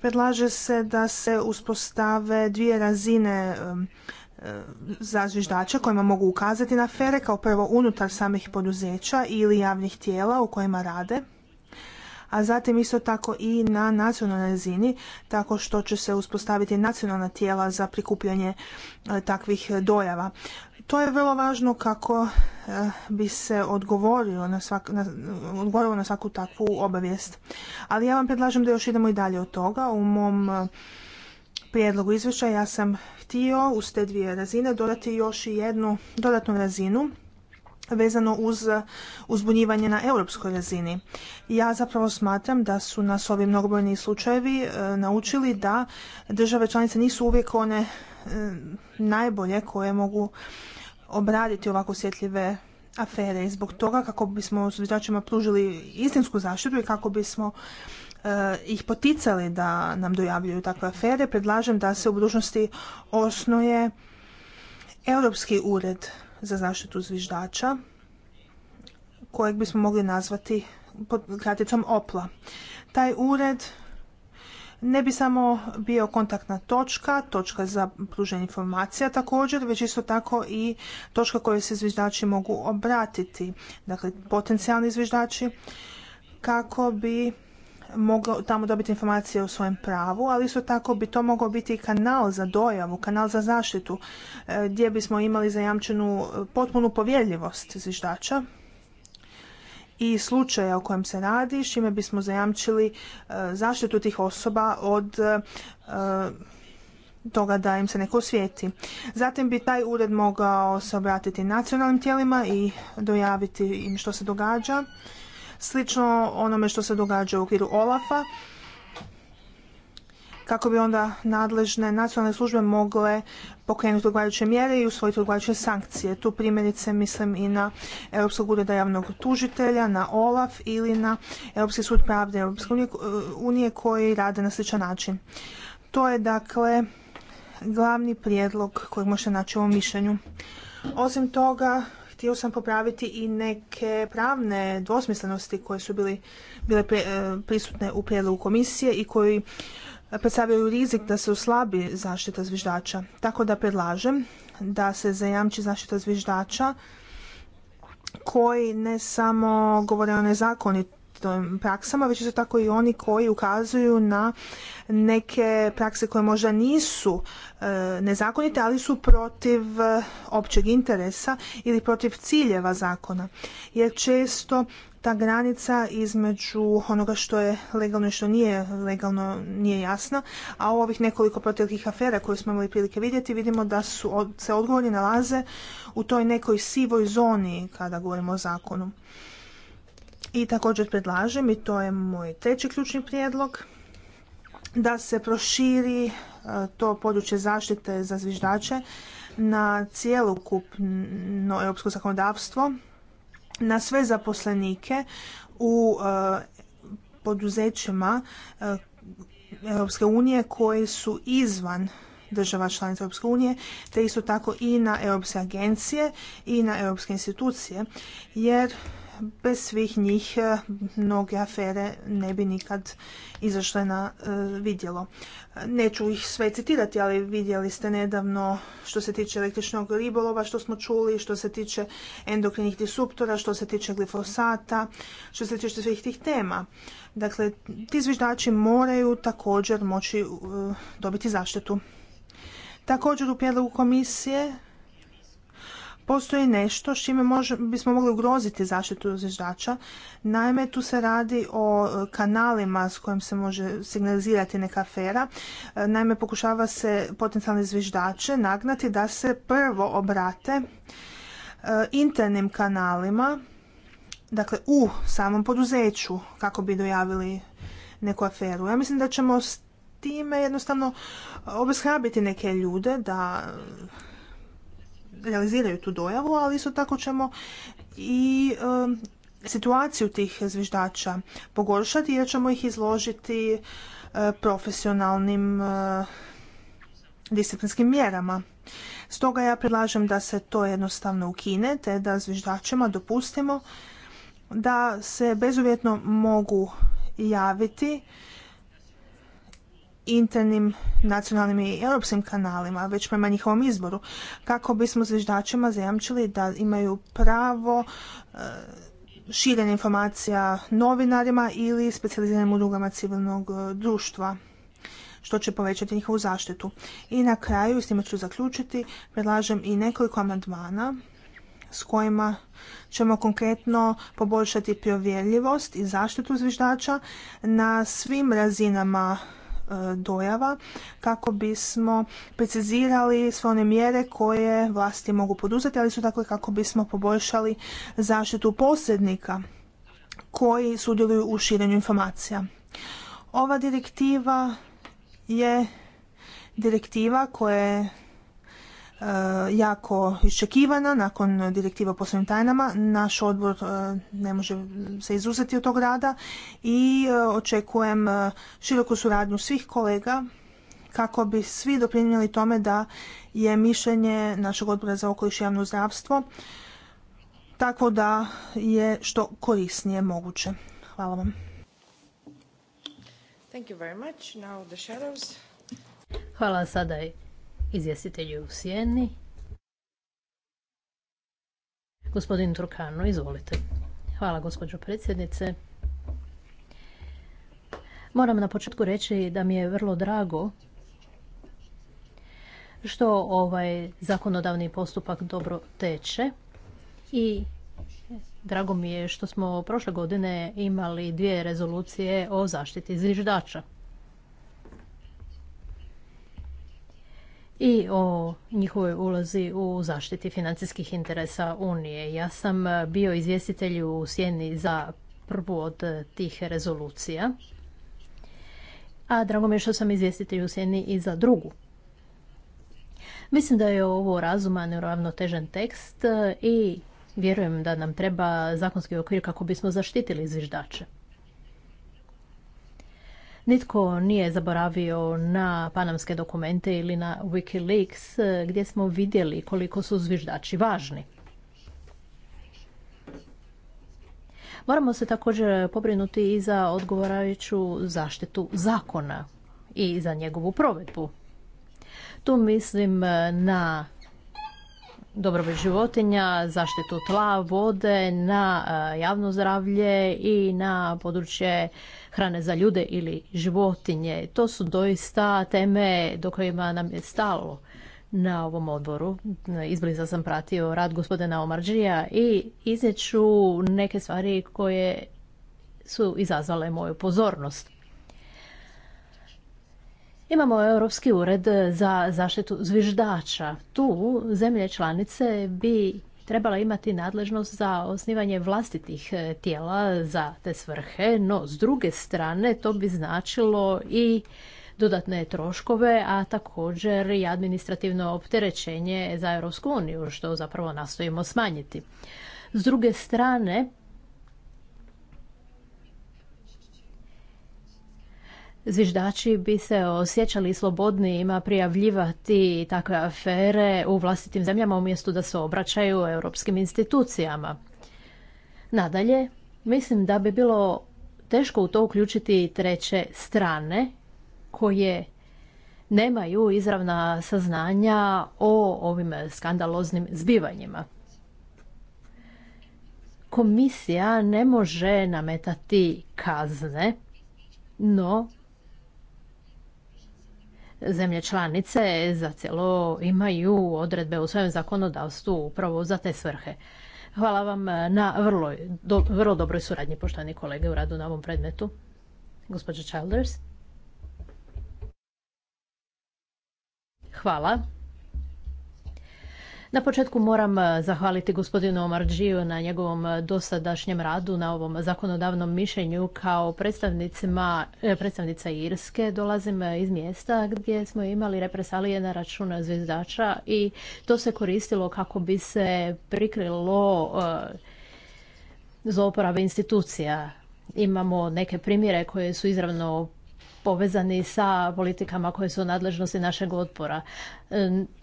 Predlaže se da se uspostave dvije razine e, za zviždače kojima mogu ukazati na fere kao prvo unutar samih poduzeća ili javnih tijela u kojima rade a zatim isto tako i na nacionalnoj razini, tako što će se uspostaviti nacionalna tijela za prikupljanje e, takvih dojava. To je vrlo važno kako e, bi se odgovorilo na, svak, odgovorilo na svaku takvu obavijest. Ali ja vam predlažem da još idemo i dalje od toga. U mom e, prijedlogu izvješća ja sam htio uz te dvije razine dodati još jednu dodatnu razinu vezano uz uzbunjivanje na europskoj razini. Ja zapravo smatram da su nas ovi mnogobrojni slučajevi e, naučili da države članice nisu uvijek one e, najbolje koje mogu obraditi ovako osjetljive afere i zbog toga kako bismo zviđačima pružili istinsku zaštitu i kako bismo e, ih poticali da nam dojavljuju takve afere, predlažem da se u budućnosti osnuje Europski ured za zaštitu zviždača kojeg bismo mogli nazvati pod kraticom OPLA. Taj ured ne bi samo bio kontaktna točka, točka za pruženje informacija također, već isto tako i točka kojoj se zviždači mogu obratiti, dakle potencijalni zviždači, kako bi mogao tamo dobiti informacije o svojem pravu, ali isto tako bi to mogao biti i kanal za dojavu, kanal za zaštitu, e, gdje bismo imali zajamčenu e, potpunu povjerljivost zviždača i slučaja o kojem se radi, s čime bismo zajamčili e, zaštitu tih osoba od toga da im se neko osvijeti. Zatim bi taj ured mogao se obratiti nacionalnim tijelima i dojaviti im što se događa slično onome što se događa u okviru Olafa kako bi onda nadležne nacionalne službe mogle pokrenuti odgovarajuće mjere i usvojiti odgovarajuće sankcije. Tu primjerice mislim i na Europskog ureda javnog tužitelja, na OLAF ili na Europski sud pravde Europske unije eh, koji rade na sličan način. To je dakle glavni prijedlog kojeg možete naći u ovom mišljenju. Osim toga, htio sam popraviti i neke pravne dvosmislenosti koje su bili, bile e, prisutne u prijedlogu komisije i koji predstavljaju rizik da se uslabi zaštita zviždača. Tako da predlažem da se zajamči zaštita zviždača koji ne samo govore o nezakonitosti, praksama, već su tako i oni koji ukazuju na neke prakse koje možda nisu e, nezakonite, ali su protiv e, općeg interesa ili protiv ciljeva zakona. Jer često ta granica između onoga što je legalno i što nije legalno nije jasna, a u ovih nekoliko proteklih afera koje smo imali prilike vidjeti vidimo da su, se odgovori nalaze u toj nekoj sivoj zoni kada govorimo o zakonu. I također predlažem, i to je moj treći ključni prijedlog, da se proširi e, to područje zaštite za zviždače na cijelokupno europsko zakonodavstvo, na sve zaposlenike u e, poduzećima e, Europske unije koji su izvan država članica Europske unije, te isto tako i na europske agencije i na europske institucije, jer bez svih njih e, mnoge afere ne bi nikad izašle na e, vidjelo. Neću ih sve citirati, ali vidjeli ste nedavno što se tiče električnog ribolova, što smo čuli, što se tiče endokrinih disruptora, što se tiče glifosata, što se tiče svih tih tema. Dakle, ti zviždači moraju također moći e, dobiti zaštitu. Također u prijedlogu komisije postoji nešto s čime bismo mogli ugroziti zaštitu zviždača. Naime, tu se radi o e, kanalima s kojim se može signalizirati neka afera. E, naime, pokušava se potencijalne zviždače nagnati da se prvo obrate e, internim kanalima, dakle u samom poduzeću, kako bi dojavili neku aferu. Ja mislim da ćemo s time jednostavno obeshrabiti neke ljude da realiziraju tu dojavu, ali isto tako ćemo i um, situaciju tih zviždača pogoršati jer ćemo ih izložiti uh, profesionalnim uh, disciplinskim mjerama. Stoga ja predlažem da se to jednostavno ukine te da zviždačima dopustimo da se bezuvjetno mogu javiti internim nacionalnim i europskim kanalima, već prema njihovom izboru, kako bismo zviždačima zajamčili da imaju pravo e, širenja informacija novinarima ili specijaliziranim udrugama civilnog e, društva što će povećati njihovu zaštitu. I na kraju, s time ću zaključiti, predlažem i nekoliko amandmana s kojima ćemo konkretno poboljšati provjerljivost i zaštitu zviždača na svim razinama E, dojava kako bismo precizirali sve one mjere koje vlasti mogu poduzeti, ali su tako kako bismo poboljšali zaštitu posrednika koji sudjeluju u širenju informacija. Ova direktiva je direktiva koja je E, jako iščekivana nakon direktiva o poslovnim tajnama. Naš odbor e, ne može se izuzeti od tog rada i e, očekujem široku suradnju svih kolega kako bi svi doprinijeli tome da je mišljenje našeg odbora za okoliš i javno zdravstvo tako da je što korisnije moguće. Hvala vam. Hvala sada i izvjestitelju u sjeni. Gospodin Turkano, izvolite. Hvala, gospođo predsjednice. Moram na početku reći da mi je vrlo drago što ovaj zakonodavni postupak dobro teče i drago mi je što smo prošle godine imali dvije rezolucije o zaštiti zviždača. i o njihovoj ulozi u zaštiti financijskih interesa Unije. Ja sam bio izvjestitelj u Sjeni za prvu od tih rezolucija, a drago mi je što sam izvjestitelj u Sjeni i za drugu. Mislim da je ovo razuman i ravnotežen tekst i vjerujem da nam treba zakonski okvir kako bismo zaštitili zviždače. Nitko nije zaboravio na panamske dokumente ili na Wikileaks e, gdje smo vidjeli koliko su zviždači važni. Moramo se također pobrinuti i za odgovarajuću zaštitu zakona i za njegovu provedbu. Tu mislim e, na dobrobit životinja, zaštitu tla, vode, na e, javno zdravlje i na područje hrane za ljude ili životinje. To su doista teme do kojima nam je stalo na ovom odboru. Izbliza sam pratio rad gospodina Omarđija i izjeću neke stvari koje su izazvale moju pozornost. Imamo Europski ured za zaštitu zviždača. Tu zemlje članice bi trebala imati nadležnost za osnivanje vlastitih e, tijela za te svrhe, no s druge strane to bi značilo i dodatne troškove, a također i administrativno opterećenje za Europsku uniju, što zapravo nastojimo smanjiti. S druge strane, zviždači bi se osjećali slobodnijima prijavljivati takve afere u vlastitim zemljama umjesto da se obraćaju europskim institucijama. Nadalje, mislim da bi bilo teško u to uključiti treće strane koje nemaju izravna saznanja o ovim skandaloznim zbivanjima. Komisija ne može nametati kazne, no zemlje članice za cijelo imaju odredbe u svojem zakonodavstvu upravo za te svrhe. Hvala vam na vrlo, vrlo dobroj suradnji, poštovani kolege, u radu na ovom predmetu. Gospođa Childers. Hvala. Na početku moram e, zahvaliti gospodinu Omarđiju na njegovom e, dosadašnjem radu na ovom zakonodavnom mišljenju kao predstavnicima, e, predstavnica Irske. Dolazim iz mjesta gdje smo imali represalije na račun zviždača i to se koristilo kako bi se prikrilo zlouporabe institucija. Imamo neke primjere koje su izravno povezani sa politikama koje su nadležnosti našeg odbora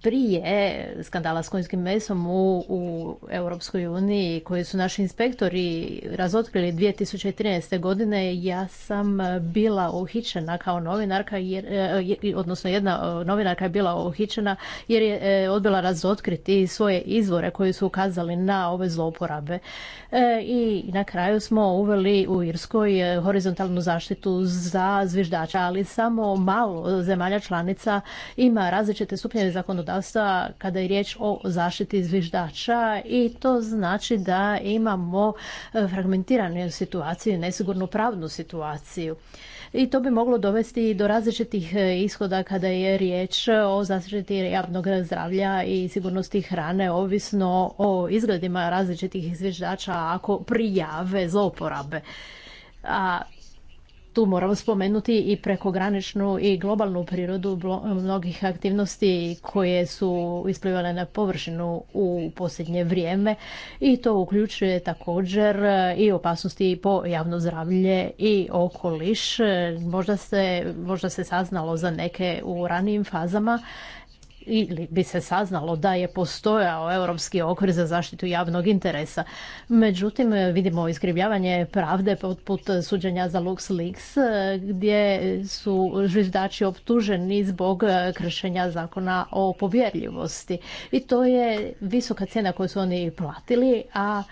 prije skandala s konjskim mesom u, u Europskoj uniji koji su naši inspektori razotkrili 2013. godine ja sam bila uhićena kao novinarka jer, e, odnosno jedna e, novinarka je bila uhićena jer je e, odbila razotkriti svoje izvore koji su ukazali na ove zlouporabe i na kraju smo uveli u Irskoj horizontalnu zaštitu za zviždača ali samo malo zemalja članica ima različite stupnje zakonodavstva kada je riječ o zaštiti zviždača i to znači da imamo e, fragmentiranu situaciju, nesigurnu pravnu situaciju. I to bi moglo dovesti do različitih e, ishoda kada je riječ o zaštiti javnog zdravlja i sigurnosti hrane, ovisno o izgledima različitih zviždača ako prijave zlouporabe. A tu moram spomenuti i prekograničnu i globalnu prirodu mnogih aktivnosti koje su isplivale na površinu u posljednje vrijeme i to uključuje također i opasnosti po javno zdravlje i okoliš. se, možda se saznalo za neke u ranijim fazama, ili bi se saznalo da je postojao europski okvir za zaštitu javnog interesa. Međutim, vidimo iskrivljavanje pravde poput suđenja za LuxLeaks gdje su žviždači optuženi zbog kršenja zakona o povjerljivosti. I to je visoka cijena koju su oni platili, a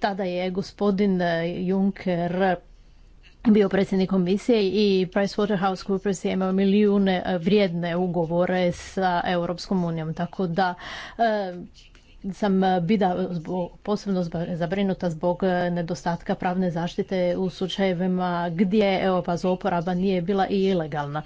tada je gospodin Juncker bio predsjednik komisije i PricewaterhouseCoopers je imao milijune e, vrijedne ugovore sa Europskom unijom, tako da e, sam bida posebno zabrinuta zbog e, nedostatka pravne zaštite u slučajevima gdje evo, pa zlouporaba nije bila i ilegalna.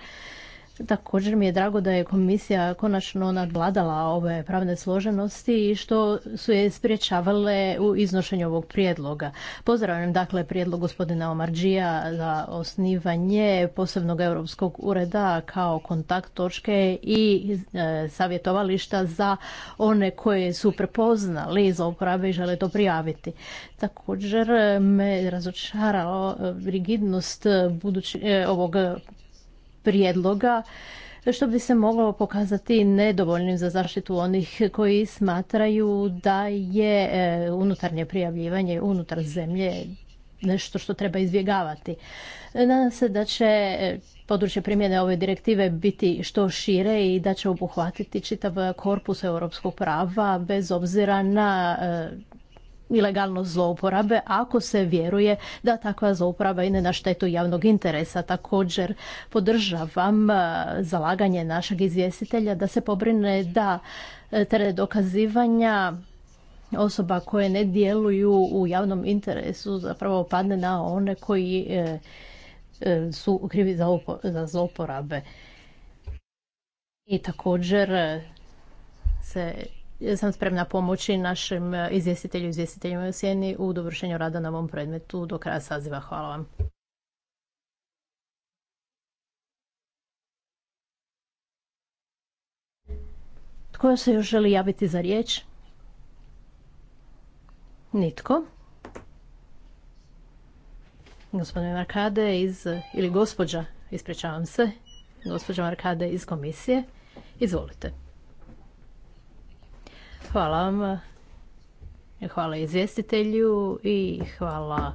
Također mi je drago da je komisija konačno nadvladala ove pravne složenosti i što su je spriječavale u iznošenju ovog prijedloga. Pozdravljam dakle prijedlog gospodina Omarđija za osnivanje posebnog europskog ureda kao kontakt točke i e, savjetovališta za one koje su prepoznali zlouporabe i žele to prijaviti. Također me razočaralo e, rigidnost budući, e, ovog prijedloga što bi se moglo pokazati nedovoljnim za zaštitu onih koji smatraju da je e, unutarnje prijavljivanje unutar zemlje nešto što treba izbjegavati. Nadam se da će e, područje primjene ove direktive biti što šire i da će obuhvatiti čitav korpus europskog prava bez obzira na e, ilegalno zlouporabe ako se vjeruje da takva zlouporaba ide na štetu javnog interesa. Također podržavam e, zalaganje našeg izvjestitelja da se pobrine da e, teret dokazivanja osoba koje ne djeluju u javnom interesu zapravo padne na one koji e, su krivi za zlouporabe. I također se sam spremna pomoći našem e, izvjestitelju i izvjestiteljima u Sjeni u dovršenju rada na ovom predmetu do kraja saziva. Hvala vam. Tko se još želi javiti za riječ? Nitko. Gospodine Markade iz, ili gospođa, ispričavam se, gospođa Markade iz komisije. Izvolite. Hvala vam. Hvala izvjestitelju i hvala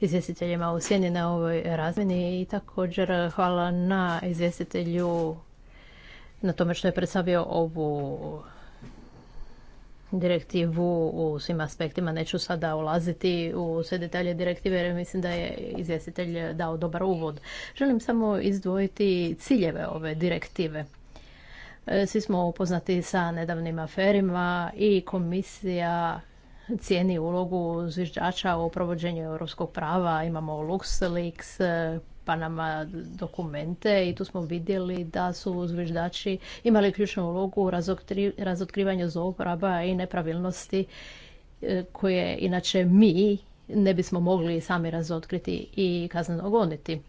izvjestiteljima u Sjeni na ovoj razmjeni i također hvala na izvjestitelju na tome što je predstavio ovu direktivu u svim aspektima. Neću sada ulaziti u sve detalje direktive jer mislim da je izvjestitelj dao dobar uvod. Želim samo izdvojiti ciljeve ove direktive. E, svi smo upoznati sa nedavnim aferima i komisija cijeni ulogu zviždača u provođenju europskog prava. Imamo LuxLeaks, e, Panama dokumente i tu smo vidjeli da su zviždači imali ključnu ulogu u razotkrivanju zlouporaba i nepravilnosti e, koje inače mi ne bismo mogli sami razotkriti i kazneno goniti.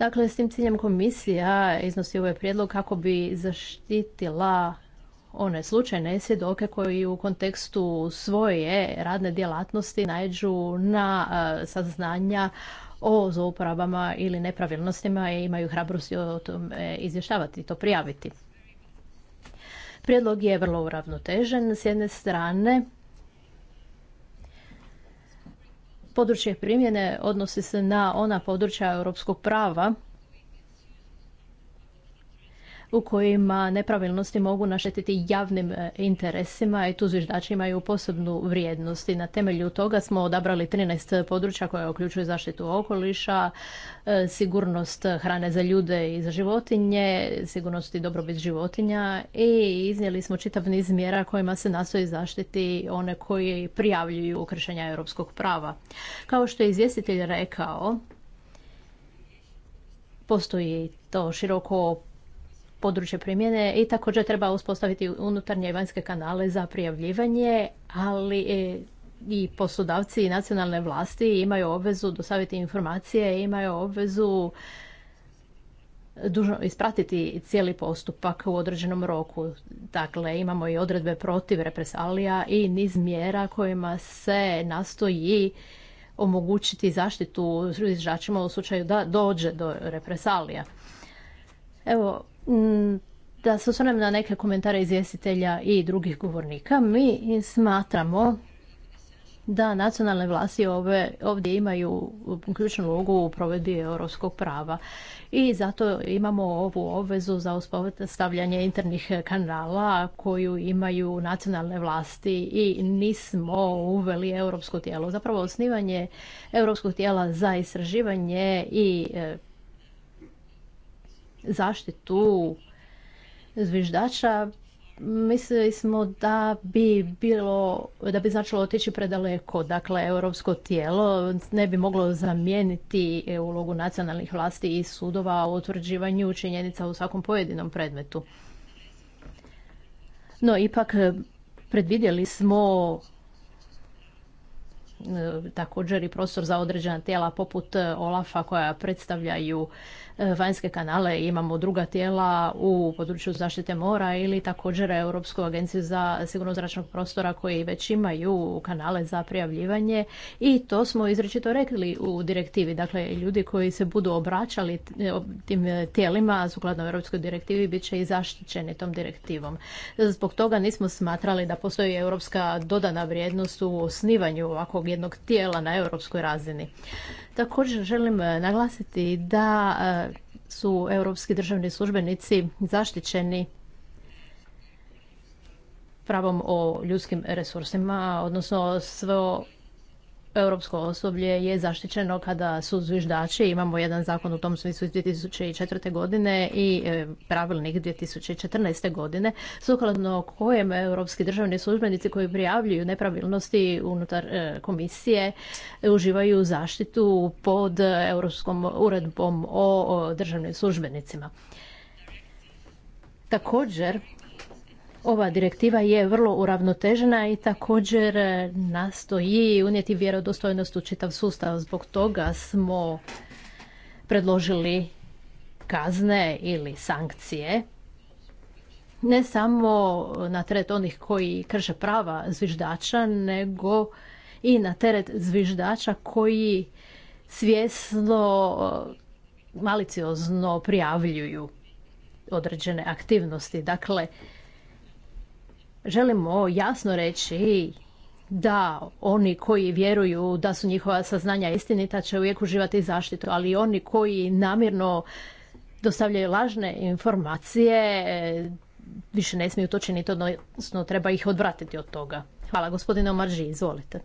Dakle, s tim ciljem komisija iznosi ovaj prijedlog kako bi zaštitila one slučajne svjedoke koji u kontekstu svoje radne djelatnosti najđu na e, saznanja o zlouporabama ili nepravilnostima i imaju hrabrosti o tom e, izvještavati i to prijaviti. Prijedlog je vrlo uravnotežen. S jedne strane, Područje primjene odnosi se na ona područja europskog prava u kojima nepravilnosti mogu naštetiti javnim e, interesima i tu zviždači imaju posebnu vrijednost i na temelju toga smo odabrali 13 područja koja uključuju zaštitu okoliša, e, sigurnost hrane za ljude i za životinje, sigurnost i dobrobit životinja i iznijeli smo čitav niz mjera kojima se nastoji zaštiti one koji prijavljuju kršenja europskog prava. Kao što je izvjestitelj rekao, postoji to široko područje primjene i također treba uspostaviti unutarnje i vanjske kanale za prijavljivanje, ali e, i poslodavci i nacionalne vlasti imaju obvezu dostaviti informacije, imaju obvezu dužno ispratiti cijeli postupak u određenom roku. Dakle, imamo i odredbe protiv represalija i niz mjera kojima se nastoji omogućiti zaštitu zviždačima u slučaju da dođe do represalija. Evo, Mm, da se osvrnem na neke komentare izvjestitelja i drugih govornika. Mi smatramo da nacionalne vlasti ovdje imaju ključnu ulogu u provedbi europskog prava i zato imamo ovu obvezu za uspostavljanje internih kanala koju imaju nacionalne vlasti i nismo uveli europsko tijelo. Zapravo osnivanje europskog tijela za istraživanje i e, zaštitu zviždača, mislili smo da bi bilo, da bi značilo otići predaleko. Dakle, europsko tijelo ne bi moglo zamijeniti ulogu nacionalnih vlasti i sudova u utvrđivanju činjenica u svakom pojedinom predmetu. No, ipak predvidjeli smo e, također i prostor za određena tijela poput e, Olafa koja predstavljaju vanjske kanale, imamo druga tijela u području zaštite mora ili također Europsku agenciju za sigurnost zračnog prostora koji već imaju kanale za prijavljivanje i to smo izrečito rekli u direktivi. Dakle, ljudi koji se budu obraćali e, tim tijelima sukladno Europskoj direktivi bit će i zaštićeni tom direktivom. Zbog toga nismo smatrali da postoji europska dodana vrijednost u osnivanju ovakvog jednog tijela na europskoj razini. Također želim e, naglasiti da e, su europski državni službenici zaštićeni pravom o ljudskim resursima, odnosno svo europsko osoblje je zaštićeno kada su zviždači. Imamo jedan zakon u tom smislu iz 2004. godine i e, pravilnik 2014. godine, sukladno kojem europski državni službenici koji prijavljuju nepravilnosti unutar e, komisije uživaju zaštitu pod Europskom uredbom o državnim službenicima. Također, ova direktiva je vrlo uravnotežena i također e, nastoji unijeti vjerodostojnost u čitav sustav. Zbog toga smo predložili kazne ili sankcije ne samo na teret onih koji krše prava zviždača, nego i na teret zviždača koji svjesno e, maliciozno prijavljuju određene aktivnosti. Dakle, želimo jasno reći da oni koji vjeruju da su njihova saznanja istinita će uvijek uživati zaštitu, ali oni koji namjerno dostavljaju lažne informacije više ne smiju to činiti, odnosno treba ih odvratiti od toga. Hvala gospodine Omarži, izvolite.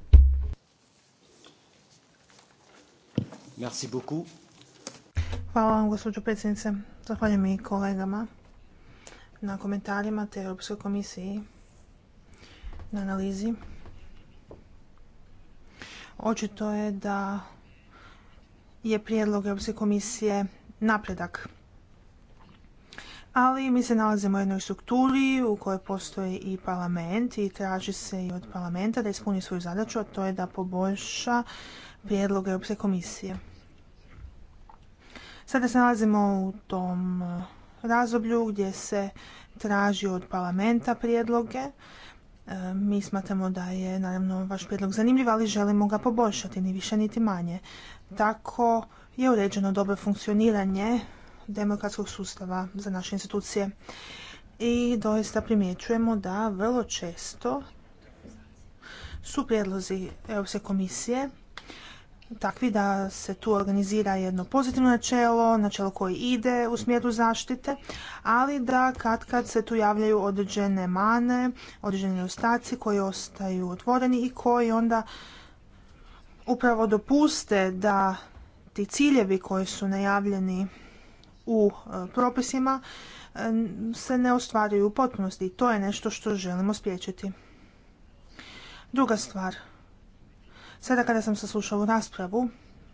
Hvala vam gospođo predsjednice. Zahvaljujem i kolegama na komentarima te Europskoj komisiji na analizi. Očito je da je prijedlog Europske komisije napredak. Ali mi se nalazimo u jednoj strukturi u kojoj postoji i parlament i traži se i od parlamenta da ispuni svoju zadaću, a to je da poboljša prijedlog Europske komisije. Sada se nalazimo u tom eh, razdoblju gdje se traži od parlamenta prijedloge, E, mi smatramo da je naravno vaš prijedlog zanimljiv, ali želimo ga poboljšati, ni više niti manje. Tako je uređeno dobro funkcioniranje demokratskog sustava za naše institucije. I doista primjećujemo da vrlo često su prijedlozi Europske komisije takvi da se tu organizira jedno pozitivno načelo, načelo koje ide u smjeru zaštite, ali da kad se tu javljaju određene mane, određeni ostaci koji ostaju otvoreni i koji onda upravo dopuste da ti ciljevi koji su najavljeni u e, propisima e, se ne ostvaruju u potpunosti i to je nešto što želimo spriječiti. Druga stvar – Sada kada sam saslušao raspravu,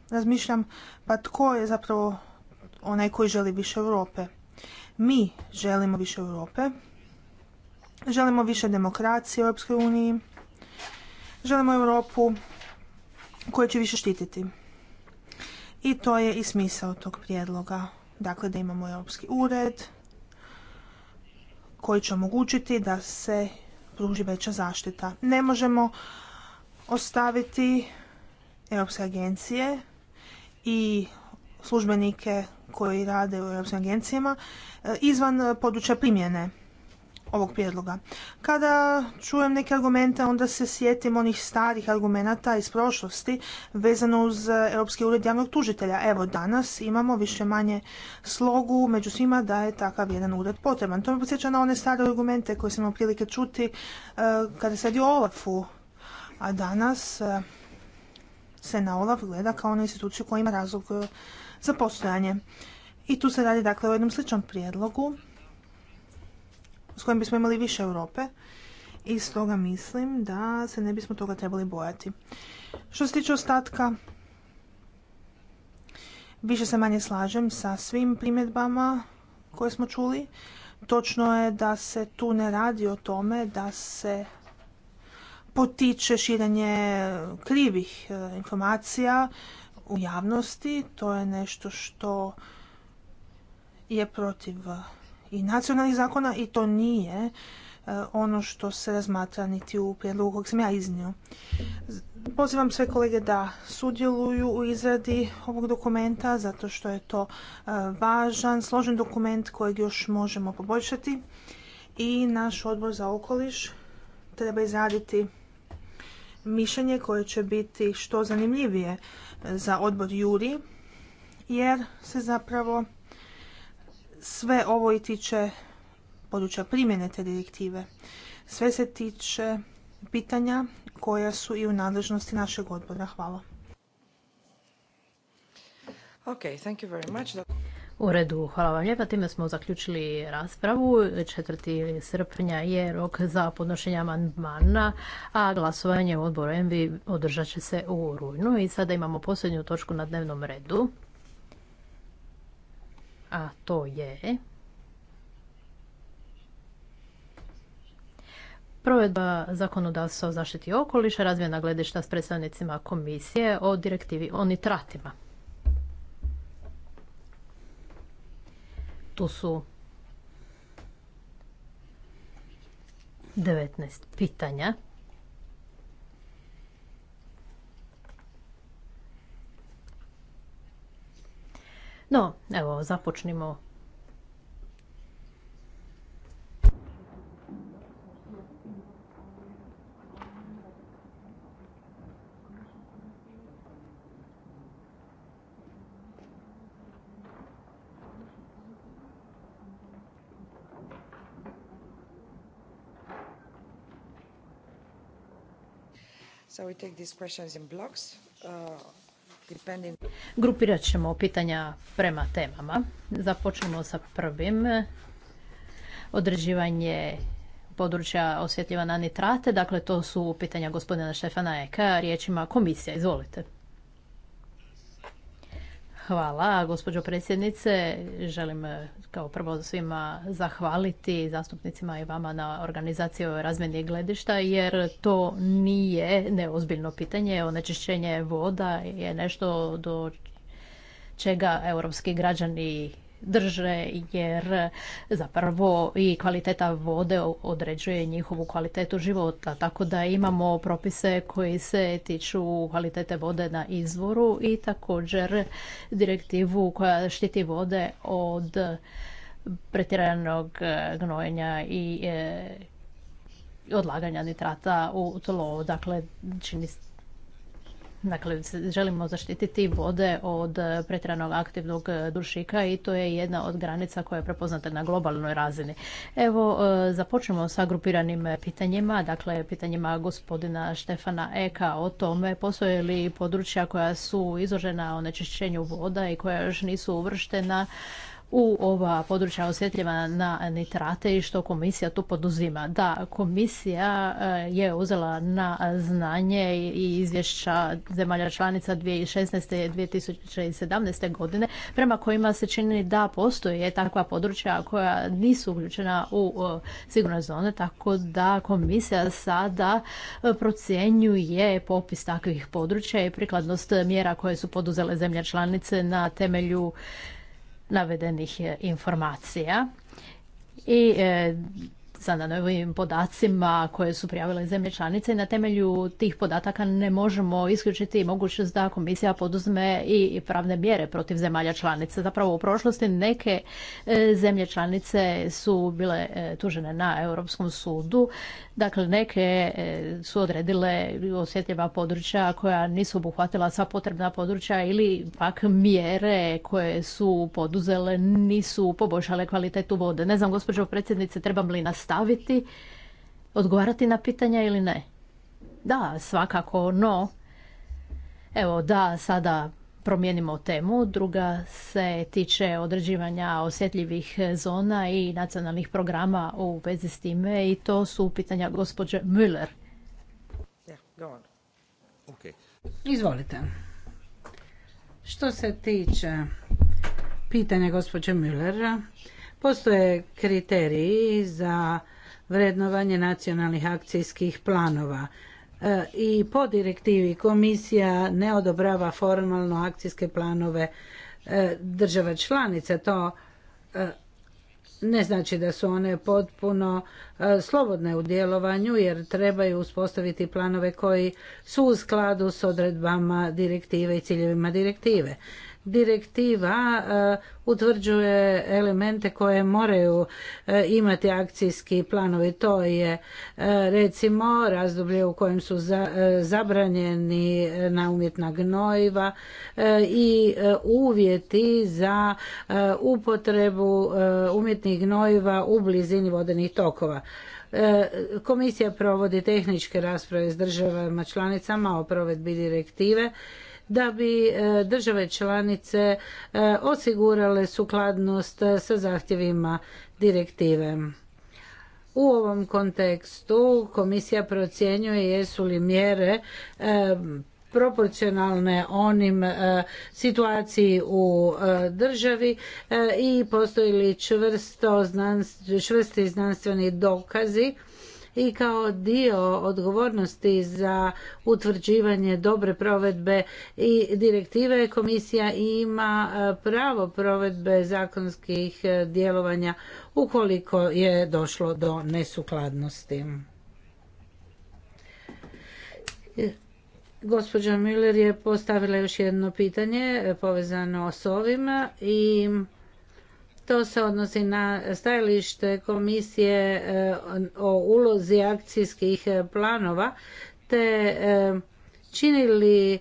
razmišljam pa tko je zapravo onaj koji želi više Europe. Mi želimo više Europe, želimo više demokracije u Europskoj uniji, želimo Europu koja će više štititi. I to je i smisao tog prijedloga. Dakle, da imamo Europski ured koji će omogućiti da se pruži veća zaštita. Ne možemo ostaviti europske agencije i službenike koji rade u europskim agencijama eh, izvan područja primjene ovog prijedloga. Kada čujem neke argumente, onda se sjetim onih starih argumenata iz prošlosti vezano uz eh, Europski ured javnog tužitelja. Evo, danas imamo više manje slogu među svima da je takav jedan ured potreban. To me podsjeća na one stare argumente koje sam imao prilike čuti eh, kada se radi o Olafu a danas e, se na OLAF gleda kao na instituciju koja ima razlog e, za postojanje. I tu se radi dakle o jednom sličnom prijedlogu s kojim bismo imali više Europe i toga mislim da se ne bismo toga trebali bojati. Što se tiče ostatka, više se manje slažem sa svim primjedbama koje smo čuli. Točno je da se tu ne radi o tome da se potiče širenje eh, krivih eh, informacija u javnosti. To je nešto što je protiv eh, i nacionalnih zakona i to nije ono što se razmatra niti u prijedlogu kojeg sam ja iznio. Pozivam sve kolege da sudjeluju u izradi ovog dokumenta zato što je to važan, složen dokument kojeg još možemo poboljšati i naš odbor za okoliš treba izraditi mišljenje koje će biti što zanimljivije za odbor Juri, jer se zapravo sve ovo i tiče područja primjene te direktive. Sve se tiče pitanja koja su i u nadležnosti našeg odbora. Hvala. U redu, hvala vam lijepa. Time smo zaključili raspravu. 4. srpnja je rok za podnošenje amandmana, a glasovanje u odboru ENVI održat će se u rujnu. I sada imamo posljednju točku na dnevnom redu. A to je... Provedba zakonodavstva o zaštiti okoliša, razmjena gledišta s predstavnicima komisije o direktivi o nitratima. tu su 19 pitanja. No, evo, započnimo Uh, Grupirat ćemo pitanja prema temama. Započnemo sa prvim. Određivanje područja osjetljiva na nitrate. Dakle, to su pitanja gospodina Štefana Eka. Riječima komisija. Izvolite. Hvala, gospođo predsjednice. Želim eh, kao prvo svima zahvaliti zastupnicima i vama na organizaciji ove gledišta, jer to nije neozbiljno pitanje. Onečišćenje voda je nešto do čega europski građani drže jer zapravo i kvaliteta vode određuje njihovu kvalitetu života. Tako da imamo propise koji se tiču kvalitete vode na izvoru i također direktivu koja štiti vode od pretjeranog gnojenja i e, odlaganja nitrata u tlo. Dakle, čini Dakle, želimo zaštititi vode od e, pretranog aktivnog e, dušika i to je jedna od granica koja je prepoznata na globalnoj razini. Evo, e, započnemo sa grupiranim pitanjima, dakle, pitanjima gospodina Štefana Eka o tome postoje li područja koja su izložena onečišćenju voda i koja još nisu uvrštena u ova područja osjetljiva na nitrate i što komisija tu poduzima. Da, komisija eh, je uzela na znanje i izvješća zemalja članica 2016. i 2017. godine prema kojima se čini da postoje takva područja koja nisu uključena u eh, sigurne zone, tako da komisija sada eh, procjenjuje popis takvih područja i prikladnost mjera koje su poduzele zemlje članice na temelju navedenih eh, informacija i eh, sa novim podacima koje su prijavile zemlje članice i na temelju tih podataka ne možemo isključiti mogućnost da komisija poduzme i pravne mjere protiv zemalja članice. Zapravo u prošlosti neke e, zemlje članice su bile e, tužene na Europskom sudu. Dakle, neke e, su odredile osjetljiva područja koja nisu obuhvatila sva potrebna područja ili pak mjere koje su poduzele nisu poboljšale kvalitetu vode. Ne znam, gospođo predsjednice, trebam li nastaviti? staviti, odgovarati na pitanja ili ne? Da, svakako, no... Evo da, sada promijenimo temu. Druga se tiče određivanja osjetljivih zona i nacionalnih programa u vezi s time i to su pitanja gospođe Müller. Izvolite. Što se tiče pitanja gospođe Müller, Postoje kriteriji za vrednovanje nacionalnih akcijskih planova e, i po direktivi komisija ne odobrava formalno akcijske planove e, država članica. To e, ne znači da su one potpuno slobodne u djelovanju jer trebaju uspostaviti planove koji su u skladu s odredbama direktive i ciljevima direktive direktiva e, utvrđuje elemente koje moraju e, imati akcijski planovi. To je e, recimo razdoblje u kojem su zabranjeni na umjetna gnojiva i uvjeti za upotrebu umjetnih gnojiva u blizini vodenih tokova. Komisija provodi tehničke rasprave s državama članicama o provedbi direktive da bi e, države članice e, osigurale sukladnost e, sa zahtjevima direktive. U ovom kontekstu komisija procjenjuje jesu li mjere proporcionalne onim situaciji u državi i postoji li čvrsti znanstveni dokazi i kao dio odgovornosti za utvrđivanje dobre provedbe i direktive komisija ima e, pravo provedbe zakonskih e, djelovanja ukoliko je došlo do nesukladnosti. E, gospođa Miller je postavila još jedno pitanje povezano s ovim i to se odnosi na stajalište komisije eh, o ulozi akcijskih eh, planova, te eh, čini li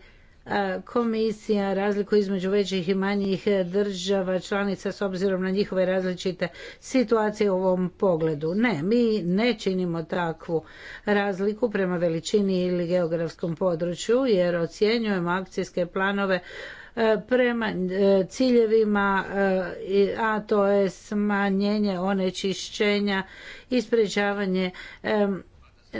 komisija razliku između većih i manjih država članica s obzirom na njihove različite situacije u ovom pogledu. Ne, mi ne činimo takvu razliku prema veličini ili geografskom području jer ocjenjujemo akcijske planove E, prema e, ciljevima, e, a to je smanjenje onečišćenja i sprečavanje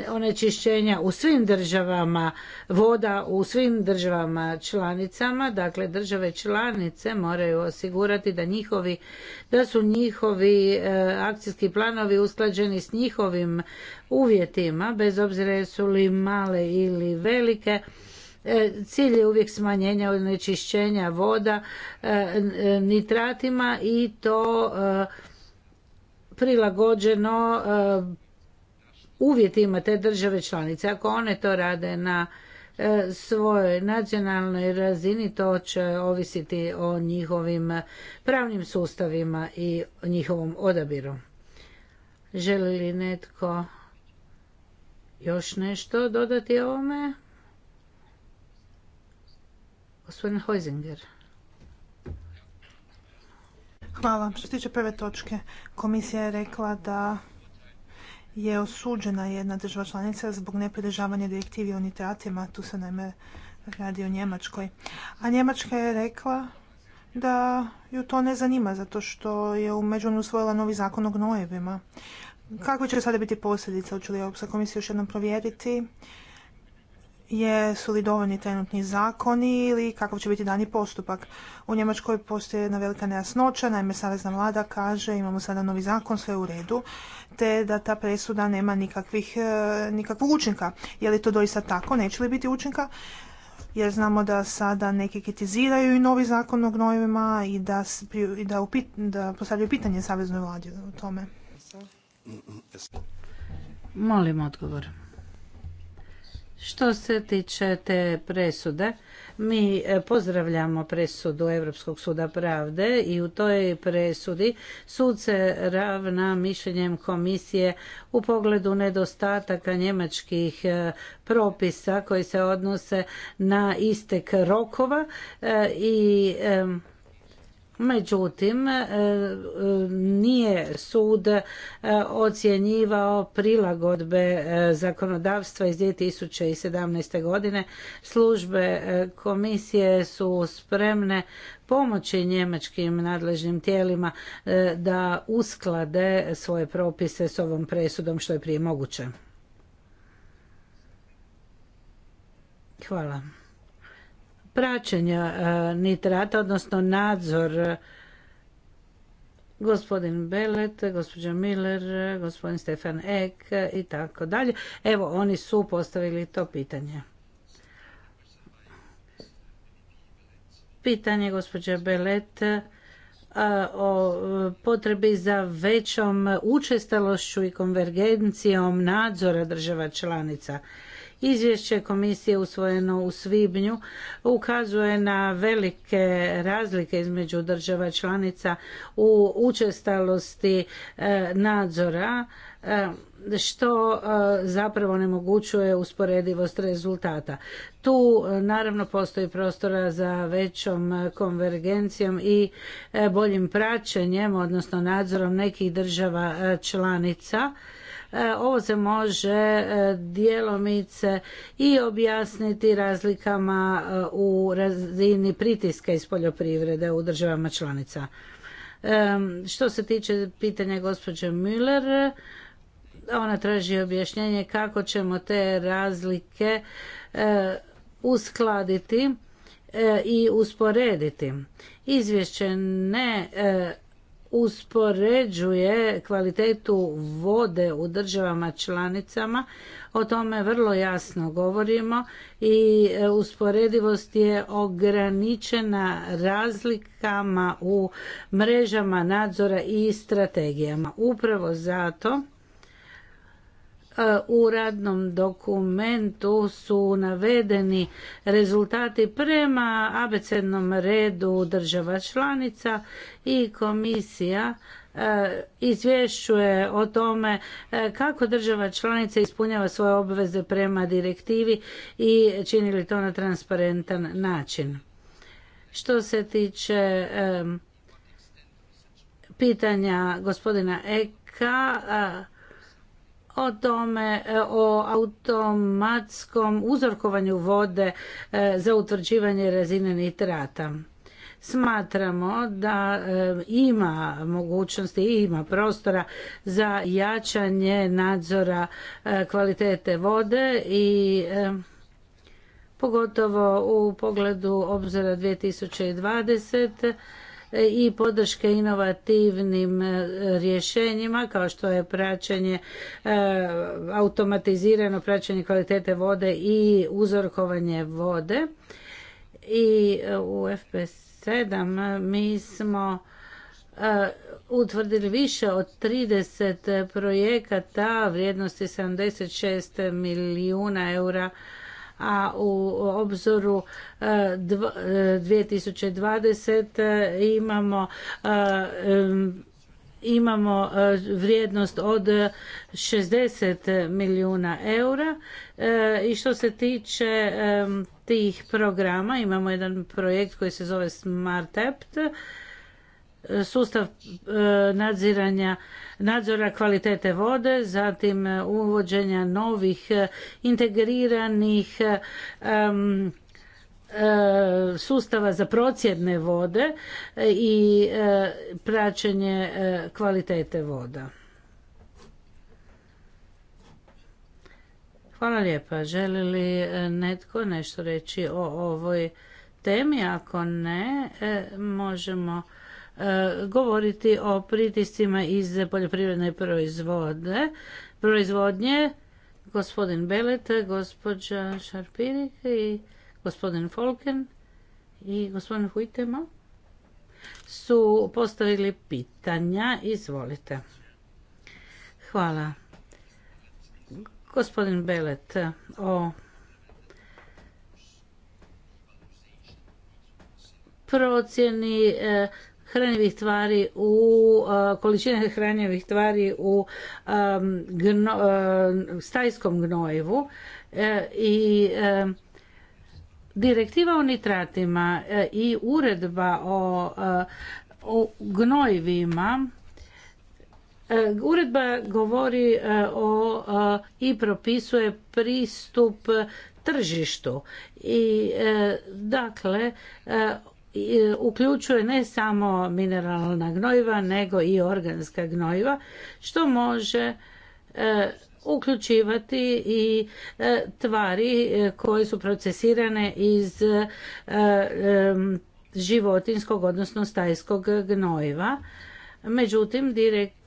onečišćenja u svim državama voda u svim državama članicama dakle države članice moraju osigurati da njihovi da su njihovi akcijski planovi usklađeni s njihovim uvjetima bez obzira jesu li male ili velike E, cilj je uvijek smanjenje onečišćenja voda e, nitratima i to e, prilagođeno uvjetima te države članice. Ako one to rade na svojoj nacionalnoj razini to će ovisiti o njihovim pravnim sustavima i njihovom odabiru. Želi li netko još nešto dodati ovome? Gospodin Hojzinger. Hvala. Što se tiče prve točke, komisija je rekla da je osuđena jedna država članica zbog nepridržavanja direktivi o nitratima. Tu se naime radi o Njemačkoj. A Njemačka je rekla da ju to ne zanima zato što je u međuvremenu usvojila novi zakon o gnojevima. Kakve će sada biti posljedice? Hoće li Europska komisija još jednom provjeriti jesu li dovoljni trenutni zakoni ili kakav će biti dani postupak. U Njemačkoj postoji jedna velika nejasnoća, naime Savezna vlada kaže imamo sada novi zakon, sve u redu, te da ta presuda nema nikakvih, e, nikakvog učinka. Je li to doista tako? Neće li biti učinka? jer znamo da sada neki kritiziraju i novi zakon o gnojivima i da, da, upit, da postavljaju pitanje saveznoj vladi o tome. Molim odgovor. Što se tiče te presude, mi e, pozdravljamo presudu Europskog suda pravde i u toj presudi sud se ravna mišljenjem komisije u pogledu nedostataka njemačkih e, propisa koji se odnose na istek rokova e, i Međutim, e, e, nije sud e, ocjenjivao prilagodbe zakonodavstva iz 2017. godine. Službe komisije su spremne pomoći njemačkim nadležnim tijelima da usklade svoje propise s ovom presudom što je prije moguće. Hvala praćenja e, nitrata, odnosno nadzor e, gospodin Belet, gospođa Miller, e, gospodin Stefan Ek i tako dalje. Evo, oni su postavili to pitanje. Pitanje gospođa Belet o potrebi za većom učestalošću i konvergencijom nadzora država članica. Izvješće komisije usvojeno u svibnju ukazuje na velike razlike između država članica u učestalosti e, nadzora e, što e, zapravo onemogućuje usporedivost rezultata. Tu naravno postoji prostora za većom konvergencijom i boljim praćenjem, odnosno nadzorom nekih država članica E, ovo se može e, djelomice i objasniti razlikama e, u razini pritiska iz poljoprivrede u državama članica. Što se tiče pitanja gospođe Müller, ona traži objašnjenje kako ćemo te razlike uskladiti i usporediti. Izvješće ne uspoređuje kvalitetu vode u državama članicama. O tome vrlo jasno govorimo i e, usporedivost je ograničena razlikama u mrežama nadzora i strategijama. Upravo zato u radnom dokumentu su navedeni rezultati prema abecednom redu država članica i komisija izvješćuje o tome kako država članica ispunjava svoje obveze prema direktivi i čini li to na transparentan način. Što se tiče pitanja gospodina Eka, o tome e, o automatskom uzorkovanju vode e, za utvrđivanje razine nitrata. Smatramo da e, ima mogućnosti i ima prostora za jačanje nadzora kvalitete vode i pogotovo u pogledu obzora 2020 i podrške inovativnim e, rješenjima kao što je praćenje e, automatizirano praćenje kvalitete vode i uzorkovanje vode i e, u FP7 mi smo utvrdili više od 30 projekata vrijednosti 76 milijuna eura a u obzoru 2020 e, e, e, imamo imamo vrijednost od 60 milijuna eura i što se tiče tih programa imamo jedan projekt koji se zove Smart Apt sustav e, nadziranja nadzora kvalitete vode, zatim e, uvođenja novih e, integriranih sustava za procjedne vode i praćenje kvalitete voda. Hvala lijepa. Želi li netko nešto reći o ovoj temi? Ako ne, možemo E, govoriti o pritiscima iz poljoprivredne proizvode, proizvodnje. Gospodin Belet, gospođa Šarpirik i gospodin Folken i gospodin Huitema su postavili pitanja. Izvolite. Hvala. Gospodin Belet, o procjeni e, hranjivih tvari u e, količine hranjivih tvari u e, stajskom gnojivu e, i direktiva o nitratima i uredba o, o gnojivima uredba govori o i propisuje pristup tržištu i dakle E, uključuje ne samo mineralna gnojiva nego i organska gnojiva što može e, uključivati i e, tvari koje su procesirane iz životinskog odnosno stajskog gnojiva. Međutim, direkt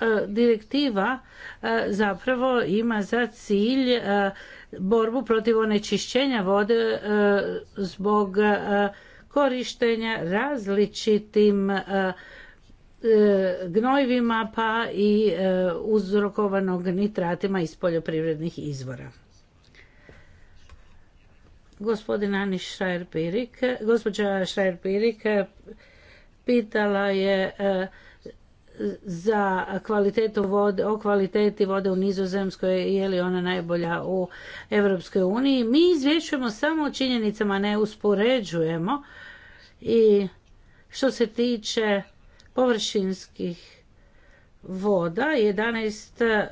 E, direktiva e, zapravo ima za cilj e, borbu protiv onečišćenja vode zbog korištenja različitim gnojivima pa i uzrokovanog nitratima iz poljoprivrednih izvora. Gospodin Ani Šrajer-Pirik, gospođa Šrajer-Pirik pitala je za kvalitetu o kvaliteti vode u Nizozemskoj je li ona najbolja u Europskoj uniji. Mi izvješćujemo samo o činjenicama, ne uspoređujemo i što se tiče površinskih voda, 11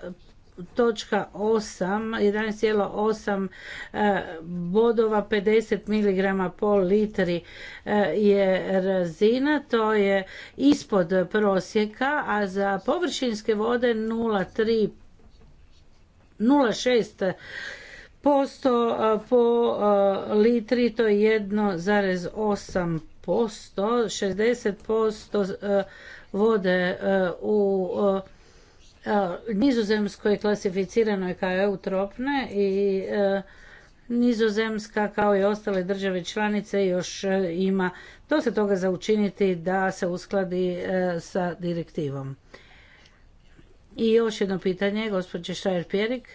točka 8, 11,8 e, bodova 50 mg po litri e, je razina, to je ispod prosjeka, a za površinske vode 0,3 0,6 posto e, po litri, to je 1,8 posto, 60 posto vode u E, Nizozemsko je klasificirano kao eutropne i e, Nizozemska kao i ostale države članice još e, ima dosta toga za učiniti da se uskladi sa direktivom. I još jedno pitanje, gospođe Šajer-Pjerik,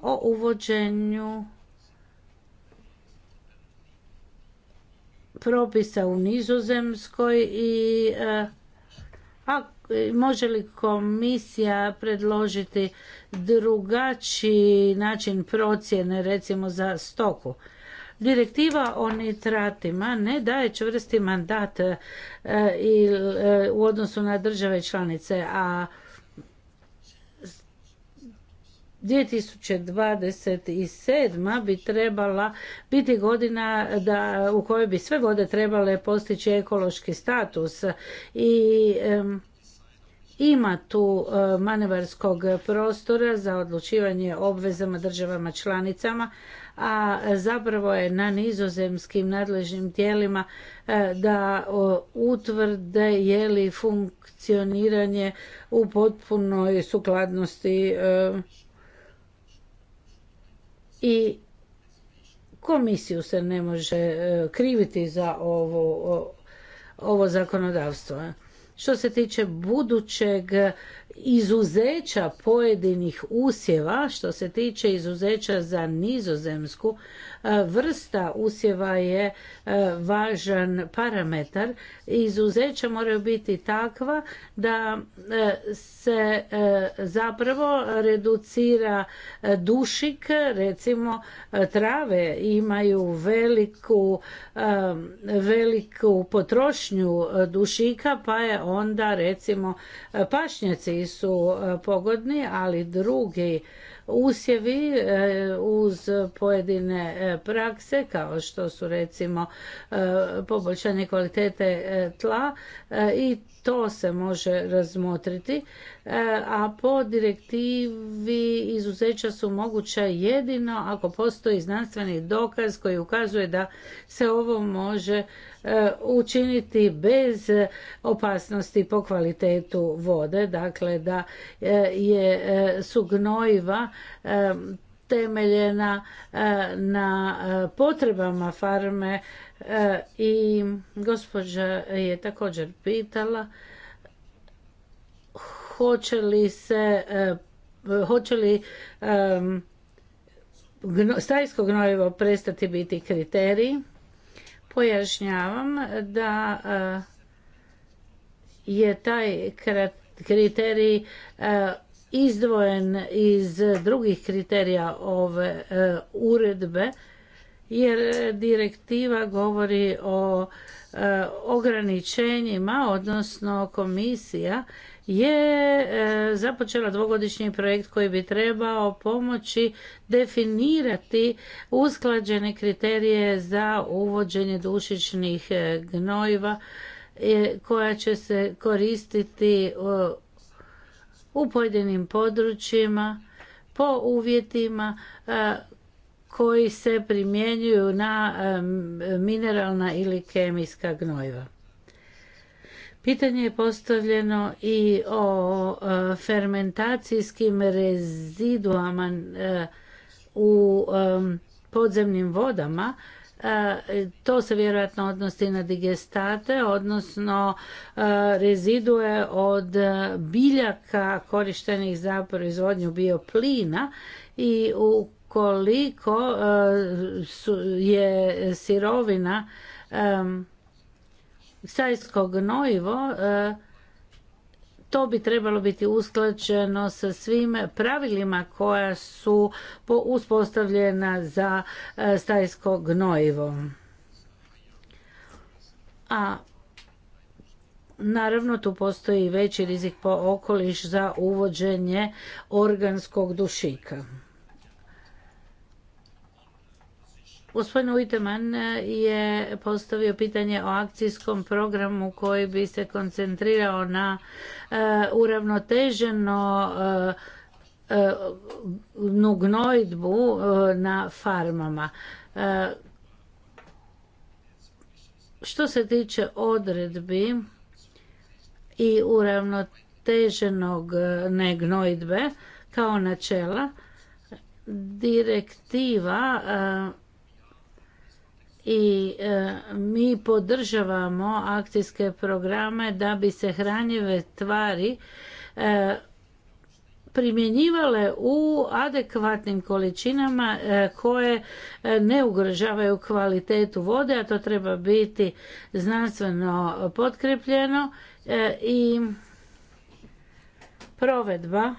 o uvođenju propisa u Nizozemskoj i a može li komisija predložiti drugačiji način procjene recimo za stoku? Direktiva o nitratima ne daje čvrsti mandat e, e, u odnosu na države članice, a 2027. bi trebala biti godina da, u kojoj bi sve vode trebale postići ekološki status i ima tu e, manevarskog prostora za odlučivanje obvezama državama članicama, a zapravo je na nizozemskim nadležnim tijelima e, da utvrde je li funkcioniranje u potpunoj sukladnosti e, i komisiju se ne može kriviti za ovo zakonodavstvo. Što se tiče budućeg izuzeća pojedinih usjeva, što se tiče izuzeća za nizozemsku, E, vrsta usjeva je e, važan parametar. Izuzeća moraju biti takva da e, se zapravo reducira dušik, recimo trave imaju veliku, veliku potrošnju dušika pa je onda recimo pašnjaci su pogodni, ali drugi usjevi e, uz pojedine e, prakse kao što su recimo e, poboljšanje kvalitete tla i to se može razmotriti, a po direktivi izuzeća su moguća jedino ako postoji znanstveni dokaz koji ukazuje da se ovo može E, učiniti bez opasnosti po kvalitetu vode, dakle da e, je e, su gnojiva temeljena na potrebama farme i gospođa je također pitala hoće li se hoće li stajsko gnojivo prestati biti kriteriji pojašnjavam da e, je taj kriterij e, izdvojen iz drugih kriterija ove e, uredbe jer direktiva govori o ograničenjima odnosno komisija je e, započela dvogodišnji projekt koji bi trebao pomoći definirati usklađene kriterije za uvođenje dušičnih e, gnojiva e, koja će se koristiti u pojedinim područjima po uvjetima koji se primjenjuju na mineralna ili kemijska gnojiva. Pitanje je postavljeno i o e, fermentacijskim reziduama e, u e, podzemnim vodama. To se vjerojatno odnosi na digestate, odnosno rezidue od biljaka korištenih za proizvodnju bioplina i ukoliko je sirovina sajsko gnojivo e, to bi trebalo biti usklađeno sa svim pravilima koja su uspostavljena za e, stajsko gnojivo. A naravno tu postoji veći rizik po okoliš za uvođenje organskog dušika. Gospodin Ujteman je postavio pitanje o akcijskom programu koji bi se koncentrirao na e, uravnoteženo e, e, gnojdbu na farmama. Što se tiče odredbi i uravnoteženog negnojdbe kao načela, direktiva i e, mi podržavamo akcijske programe da bi se hranjive tvari e, primjenjivale u adekvatnim količinama e, koje ne ugrožavaju kvalitetu vode, a to treba biti znanstveno potkrepljeno i provedba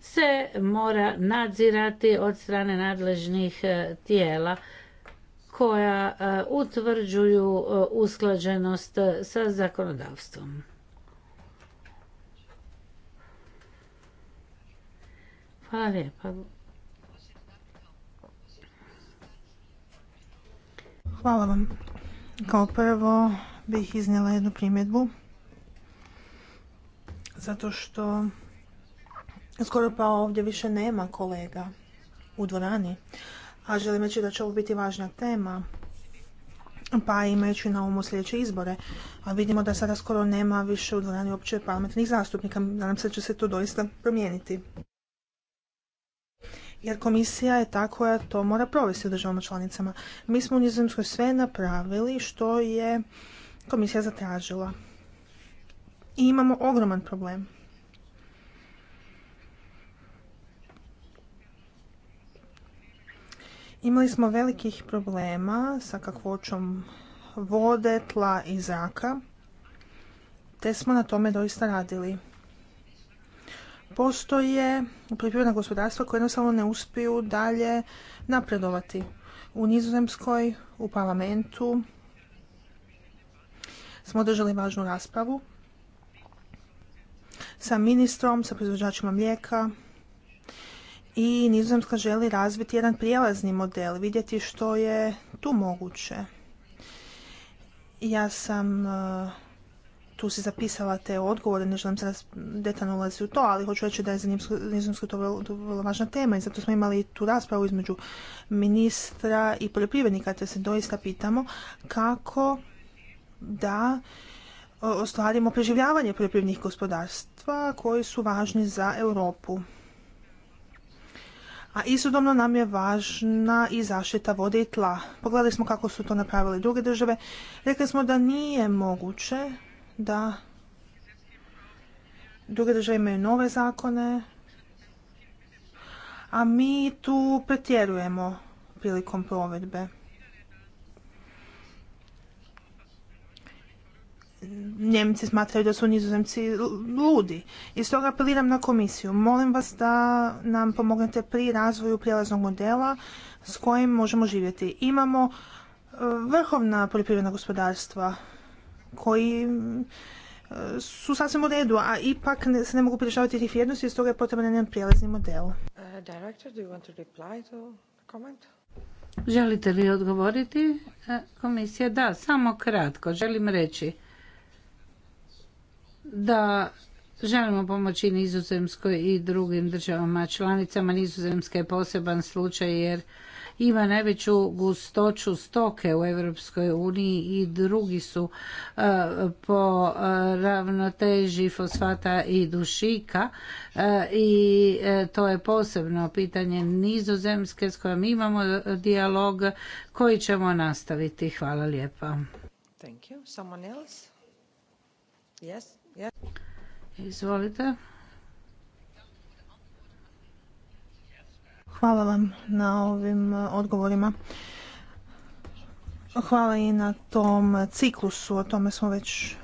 se mora nadzirati od strane nadležnih tijela koja e, utvrđuju e, usklađenost e, sa zakonodavstvom. Hvala lijepa. Hvala vam. Kao prvo bih iznijela jednu primjedbu. Zato što skoro pa ovdje više nema kolega u dvorani a želim reći da će ovo biti važna tema, pa imajući na umu sljedeće izbore. A vidimo da sada skoro nema više u dvorani uopće parlamentarnih zastupnika. Nadam se da će se to doista promijeniti. Jer komisija je ta koja to mora provesti u državama članicama. Mi smo u Nizozemskoj sve napravili što je komisija zatražila. I imamo ogroman problem. Imali smo velikih problema sa kakvoćom vode, tla i zraka, te smo na tome doista radili. Postoje poljoprivredna gospodarstva koje jednostavno ne uspiju dalje napredovati. U Nizozemskoj, u parlamentu, smo održali važnu raspravu sa ministrom, sa proizvođačima mlijeka, i Nizozemska želi razviti jedan prijelazni model, vidjeti što je tu moguće. Ja sam e, tu si zapisala te odgovore, ne želim sada detaljno ulazi u to, ali hoću reći da je za Nizozemsku to to vrlo važna tema i zato smo imali tu raspravu između ministra i poljoprivrednika, te se doista pitamo kako da e, ostvarimo preživljavanje poljoprivrednih gospodarstva koji su važni za Europu. A istodobno nam je važna i zaštita vode i tla. Pogledali smo kako su to napravili druge države. Rekli smo da nije moguće da druge države imaju nove zakone, a mi tu pretjerujemo prilikom provedbe. Njemci smatraju da su nizozemci ludi. I stoga apeliram na komisiju. Molim vas da nam pomognete pri razvoju prijelaznog modela s kojim možemo živjeti. Imamo e, vrhovna poljoprivredna gospodarstva koji e, su sasvim u redu, a ipak se ne mogu prišavati tih vrijednosti, stoga je potreban jedan prijelazni model. Uh, Želite li odgovoriti? E, komisija, da, samo kratko. Želim reći da želimo pomoći Nizozemskoj i drugim državama članicama. Nizozemska je poseban slučaj jer ima najveću gustoću stoke u Europskoj uniji i drugi su e, po e, ravnoteži fosfata i dušika e, i to je posebno pitanje nizozemske s kojom imamo dijalog koji ćemo nastaviti. Hvala lijepa. Thank you. Someone else? Yes. Izvolite. Hvala vam na ovim e, odgovorima. Hvala i na tom ciklusu, o tome smo već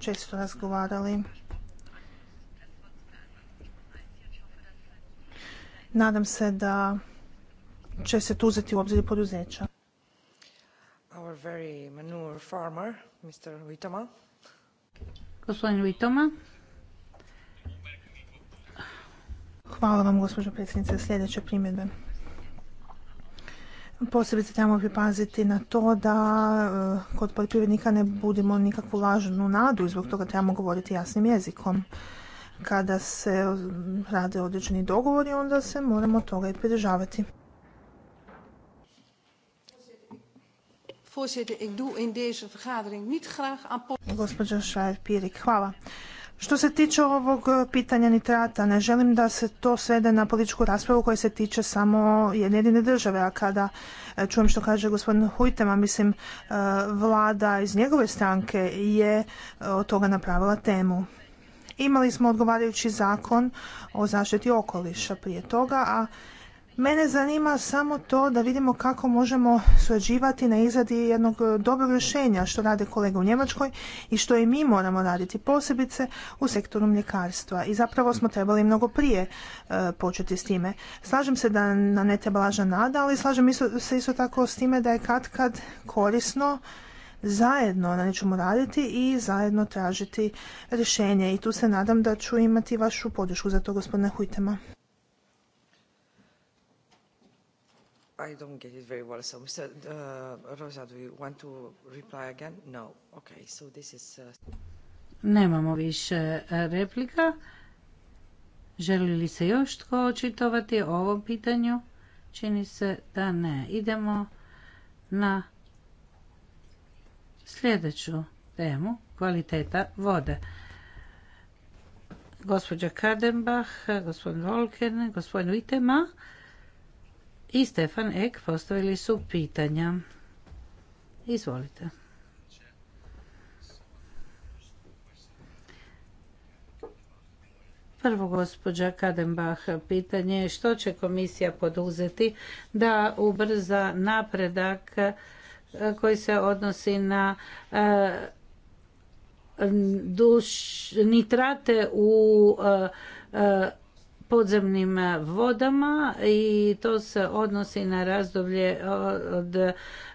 često razgovarali. Nadam se da će se tu uzeti u obzir poduzeća. Our Hvala vam, gospođo predsjednice. Sljedeće primjedbe. Posebice trebamo pripaziti na to da eh, kod poljoprivrednika ne budimo nikakvu lažnu nadu i zbog toga trebamo govoriti jasnim jezikom. Kada se rade određeni dogovori, onda se moramo toga i pridržavati. pirik hvala. Što se tiče ovog eh, pitanja nitrata, ne želim da se to svede na političku raspravu koja se tiče samo jedne jedine države, a kada eh, čujem što kaže gospodin Hujtema, mislim eh, vlada iz njegove stranke je od toga napravila temu. Imali smo odgovarajući zakon o zaštiti okoliša prije toga, a Mene zanima samo to da vidimo kako možemo surađivati na izradi jednog e, dobrog rješenja što rade kolege u Njemačkoj i što i mi moramo raditi posebice u sektoru mljekarstva. I zapravo smo trebali mnogo prije e, početi s time. Slažem se da nam ne treba lažna nada, ali slažem se isto tako s time da je kad kad korisno zajedno na nečemu raditi i zajedno tražiti rješenje. I tu se nadam da ću imati vašu podršku za to gospodine Hujtema. I don't get it very well. So, Mr. Uh, Rosa, do you want to reply again? No. Okay, so this is... Uh, Nemamo više uh, replika. Želi li se još tko očitovati o ovom pitanju? Čini se da ne. Idemo na sljedeću temu, kvaliteta vode. Gospođa Kardenbach, gospodin Volken, gospodin Vitema i Stefan Ek postavili su pitanja. Izvolite. Prvo, gospođa Kadenbach, pitanje je što će komisija poduzeti da ubrza napredak e, koji se odnosi na e, duš, nitrate u e, podzemnim e, vodama i to se odnosi na razdoblje e, od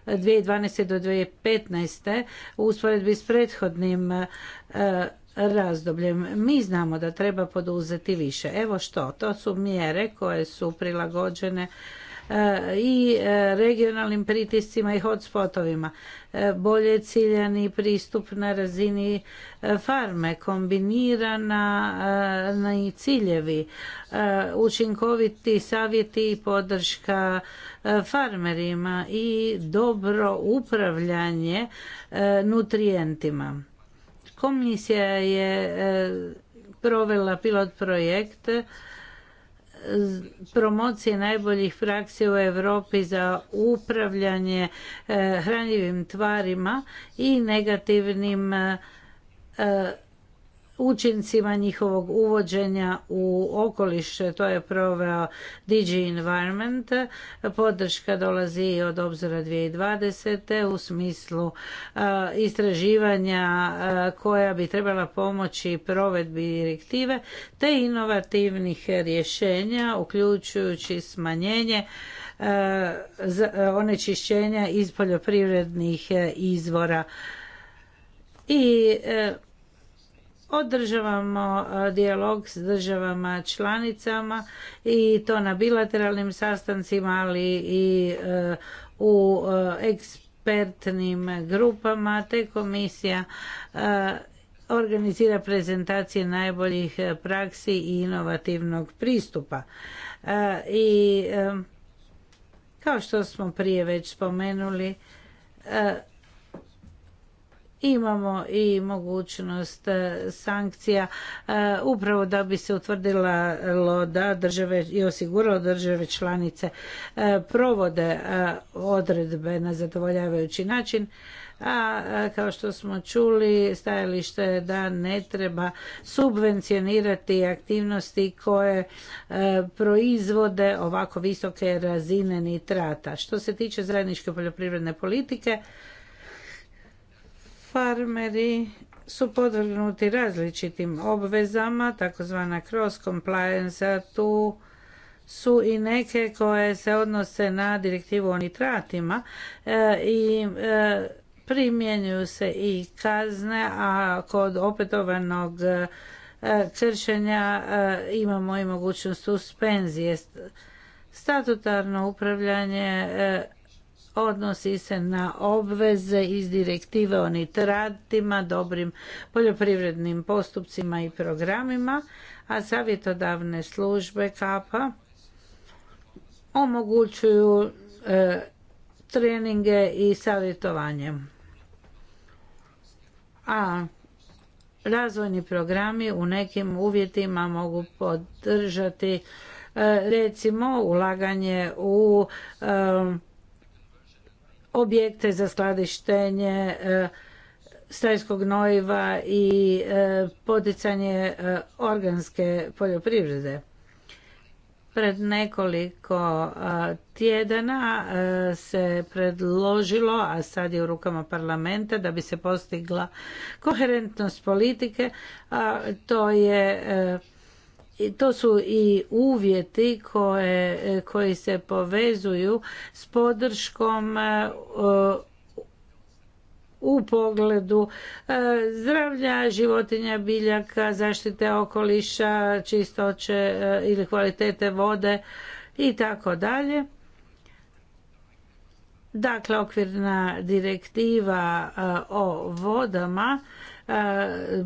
2012. do 2015. u usporedbi s prethodnim e, razdobljem. Mi znamo da treba poduzeti više. Evo što, to su mjere koje su prilagođene E, i e, regionalnim pritiscima i hotspotovima. E, bolje ciljani pristup na razini farme, kombinirana i ciljevi, učinkoviti savjeti i podrška farmerima i dobro upravljanje nutrijentima. Komisija je provela pilot projekt promocije najboljih praksi u Europi za upravljanje e, hranjivim tvarima i negativnim e, učincima njihovog uvođenja u okoliš. To je proveo DG Environment. Podrška dolazi od obzora 2020. u smislu e, istraživanja e, koja bi trebala pomoći provedbi direktive te inovativnih rješenja uključujući smanjenje e, onečišćenja iz poljoprivrednih izvora i održavamo e, dijalog s državama članicama i to na bilateralnim sastancima, ali i e, u e, ekspertnim grupama, te komisija organizira prezentacije najboljih praksi i inovativnog pristupa. I kao što smo prije već spomenuli, imamo i mogućnost e, sankcija e, upravo da bi se utvrdilo da države i osiguralo države članice e, provode odredbe na zadovoljavajući način a kao što smo čuli stajalište je da ne treba subvencionirati aktivnosti koje proizvode ovako visoke razine nitrata. Što se tiče zajedničke poljoprivredne politike, Farmeri su podvrgnuti različitim obvezama, takozvana cross compliance, a tu su i neke koje se odnose na direktivu o nitratima e, i e, primjenjuju se i kazne, a kod opetovanog e, kršenja imamo i mogućnost suspenzije. Statutarno upravljanje odnosi se na obveze iz direktive o nitratima, dobrim poljoprivrednim postupcima i programima, a savjetodavne službe KAPA omogućuju e, treninge i savjetovanje. A razvojni programi u nekim uvjetima mogu podržati e, recimo ulaganje u e, objekte za skladištenje e, stajskog gnojiva i e, poticanje e, organske poljoprivrede. Pred nekoliko tjedana se predložilo, a sad je u rukama parlamenta, da bi se postigla koherentnost politike. a To je to su i uvjeti koji se povezuju s podrškom e, u pogledu e, zdravlja životinja, biljaka, zaštite okoliša, čistoće e, ili kvalitete vode i tako dalje. Dakle, okvirna direktiva o vodama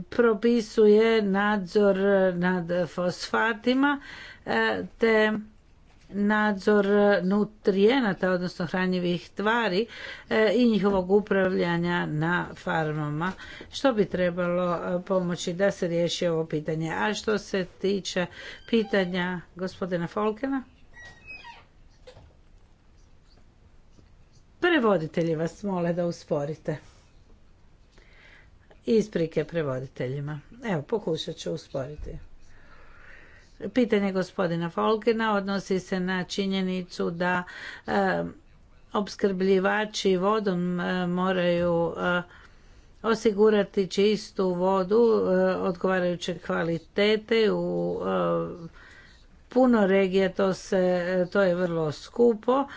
propisuje nadzor nad fosfatima te nadzor nutrijenata, odnosno hranjivih tvari i njihovog upravljanja na farmama, što bi trebalo pomoći da se riješi ovo pitanje. A što se tiče pitanja gospodina Folkena? Prevoditelji vas mole da usporite isprike prevoditeljima. Evo, pokušat ću usporiti. Pitanje gospodina Folgena odnosi se na činjenicu da e, opskrbljivači vodom eh, moraju eh, osigurati čistu vodu odgovarajuće kvalitete u puno regija to se to je vrlo skupo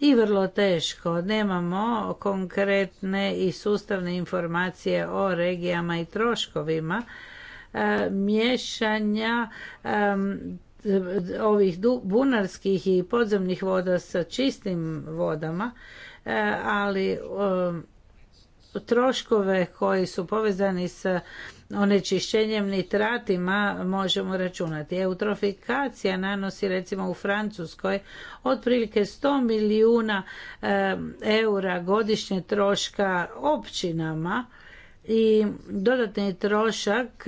i vrlo teško. Nemamo konkretne i sustavne informacije o regijama i troškovima e, miješanja e, ovih bunarskih i podzemnih voda sa čistim vodama, e, ali troškove koji su povezani sa onečišćenjem nitratima možemo računati. Eutrofikacija nanosi recimo u Francuskoj otprilike 100 milijuna eura godišnje troška općinama i dodatni trošak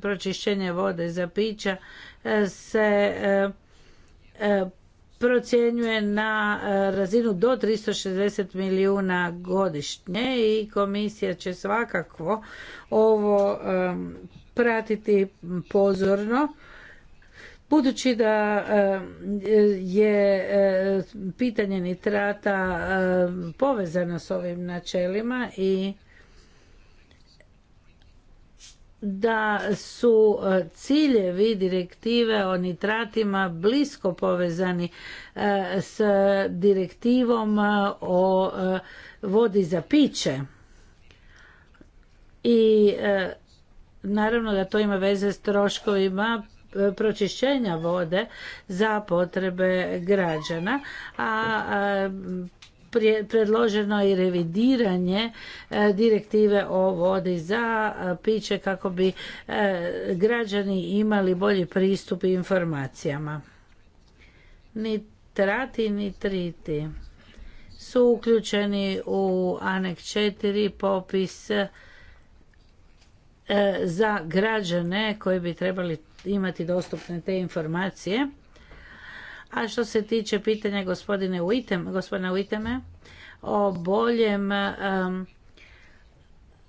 pročišćenja vode za pića se procjenjuje na e, razinu do 360 milijuna godišnje i komisija će svakako ovo e, pratiti pozorno budući da e, je pitanje nitrata povezano s ovim načelima i da su e, ciljevi direktive o nitratima blisko povezani e, s direktivom e, o vodi za piće. I naravno da to ima veze s troškovima pročišćenja vode za potrebe građana, a predloženo i revidiranje e, direktive o vodi za e, piće kako bi e, građani imali bolji pristup informacijama. Nitrati i nitriti su uključeni u anek 4 popis za građane koji bi trebali imati dostupne te informacije a što se tiče pitanja gospodine Uitem, gospodina Uiteme o boljem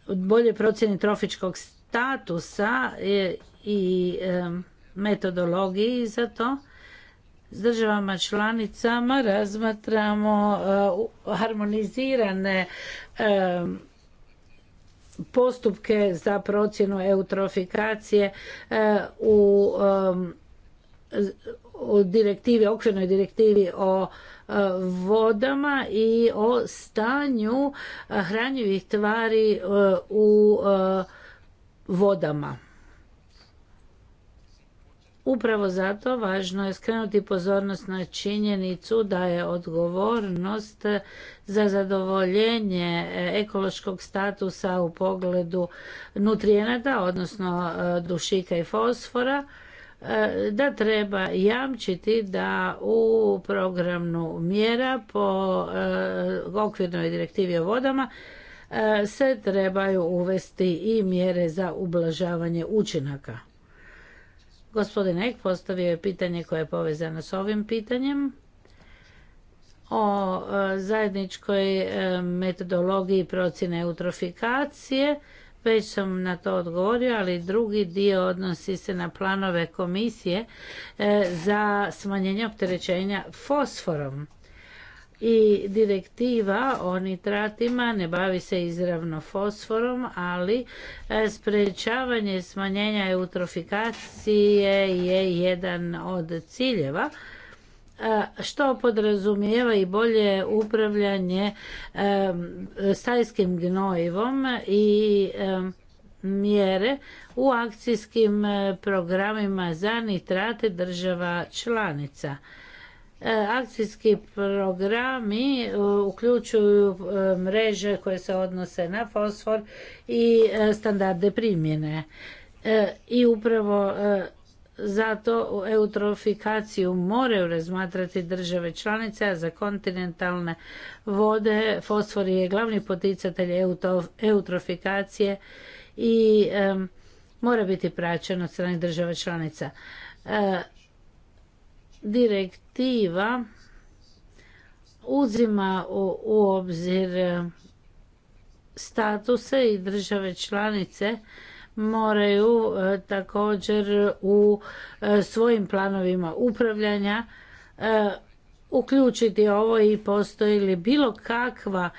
bolje procjeni trofičkog statusa i metodologiji za to s državama članicama razmatramo e, harmonizirane postupke za procjenu eutrofikacije e, u o direktivi, okvirnoj direktivi o e, vodama i o stanju e, hranjivih tvari e, u vodama. Upravo zato važno je skrenuti pozornost na činjenicu da je odgovornost za zadovoljenje ekološkog statusa u pogledu nutrijenata, odnosno dušika i fosfora, E, da treba jamčiti da u programnu mjera po e, okvirnoj direktivi o vodama e, se trebaju uvesti i mjere za ublažavanje učinaka. Gospodin Ek postavio je pitanje koje je povezano s ovim pitanjem o zajedničkoj metodologiji procjene eutrofikacije već sam na to odgovorio, ali drugi dio odnosi se na planove komisije e, za smanjenje opterećenja fosforom. I direktiva o nitratima ne bavi se izravno fosforom, ali e, sprečavanje smanjenja eutrofikacije je jedan od ciljeva što podrazumijeva i bolje upravljanje stajskim gnojivom i mjere u akcijskim e, programima za nitrate država članica. E, akcijski programi e, uključuju mreže koje se odnose na fosfor i standarde primjene. I upravo zato eutrofikaciju moraju razmatrati države članice, a za kontinentalne vode fosfor je glavni poticatelj eutrofikacije i mora biti praćen od strane država članica. E, direktiva uzima u, u obzir statuse i države članice moraju e, također u e, svojim planovima upravljanja e, uključiti ovo i postoji li bilo kakva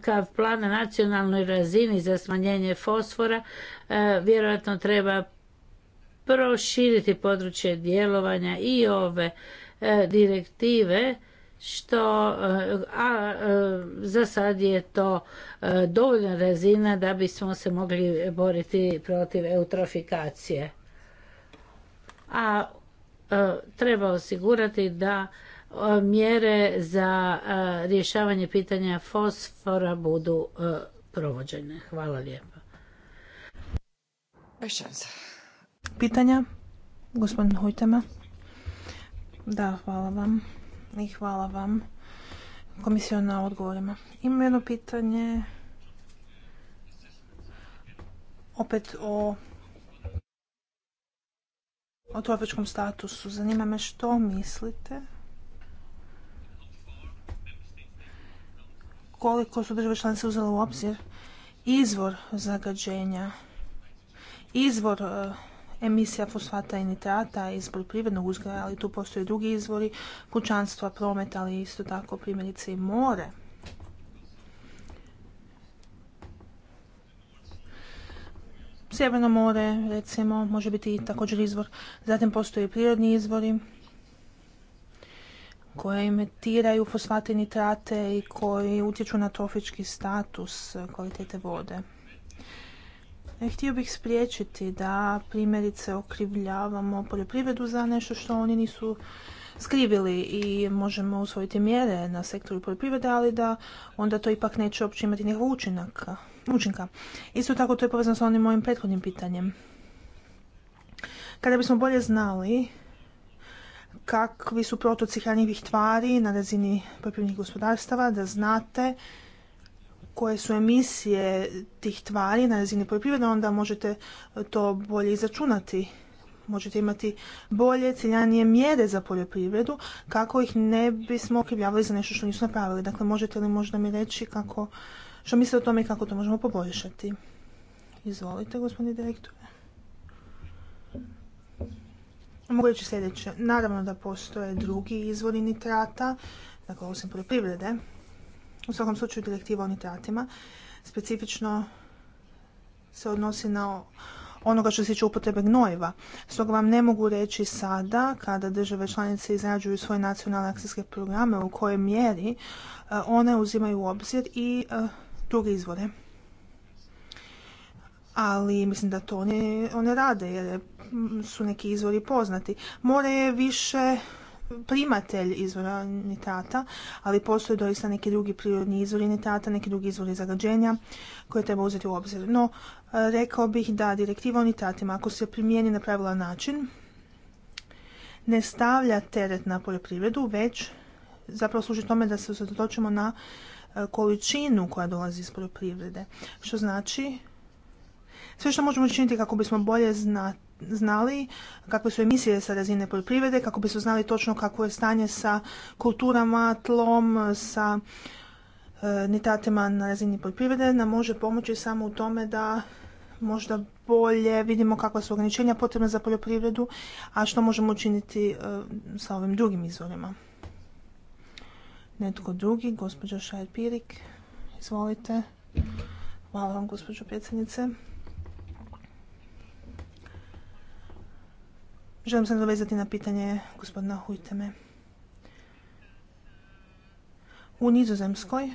kao plan na nacionalnoj razini za smanjenje fosfora vjerojatno treba proširiti područje djelovanja i ove direktive što eh, a eh, za sad je to eh, dovoljna razina da bismo se mogli boriti protiv eutrofikacije. A treba osigurati da mjere za rješavanje pitanja fosfora budu provođene. Hvala lijepa. Pitanja? Gospodin Hujtema? Da, hvala vam i hvala vam komisiju na odgovorima. Imam jedno pitanje opet o o tropičkom statusu. Zanima me što mislite koliko su države članice uzele u obzir izvor zagađenja, izvor e, emisija fosfata i nitrata iz poljoprivrednog uzgoja, ali tu postoje drugi izvori, kućanstva, promet, ali isto tako primjerice i more. Sjeverno more, recimo, može biti i također izvor. Zatim postoje prirodni izvori koje imitiraju fosfate i nitrate i koji utječu na trofički status kvalitete vode. E, htio bih spriječiti da primjerice okrivljavamo poljoprivredu za nešto što oni nisu skrivili i možemo usvojiti mjere na sektoru poljoprivrede, ali da onda to ipak neće uopće imati nekog učinaka, učinka. Isto tako to je povezano s onim mojim prethodnim pitanjem. Kada bismo bolje znali kakvi su protoci tvari na razini poljoprivrednih gospodarstava, da znate koje su emisije tih tvari na razini poljoprivreda, onda možete to bolje izračunati. Možete imati bolje, ciljanije mjere za poljoprivredu, kako ih ne bismo okrivljavali za nešto što nisu napravili. Dakle, možete li možda mi reći kako, što mislite o tome i kako to možemo poboljšati? Izvolite, gospodine direktore. Mogu reći sljedeće. Naravno da postoje drugi izvori nitrata, dakle osim poljoprivrede, u svakom slučaju direktiva o nitratima specifično se odnosi na onoga što se tiče upotrebe gnojiva. Stoga vam ne mogu reći sada kada države članice izrađuju svoje nacionalne akcijske programe u kojoj mjeri e, one uzimaju u obzir i e, druge izvore. Ali mislim da to one, one rade jer su neki izvori poznati. More je više primatelj izvora nitrata, ali postoje doista neki drugi prirodni izvori nitrata, neki drugi izvori zagađenja koje treba uzeti u obzir. No, rekao bih da direktiva o nitratima, ako se primijeni na pravilan način, ne stavlja teret na poljoprivredu, već zapravo služi tome da se usredotočimo na e, količinu koja dolazi iz poljoprivrede. Što znači sve što možemo učiniti kako bismo bolje znati znali kakve su emisije sa razine poljoprivrede, kako bismo znali točno kako je stanje sa kulturama, tlom, sa e, nitratima na razini poljoprivrede nam može pomoći samo u tome da možda bolje vidimo kakva su ograničenja potrebna za poljoprivredu, a što možemo učiniti e, sa ovim drugim izvorima. Netko drugi, gospođa Šajer Pirik, izvolite. Hvala vam, gospođo predsjednice. Želim se dovezati na pitanje gospodina Hujteme. U Nizozemskoj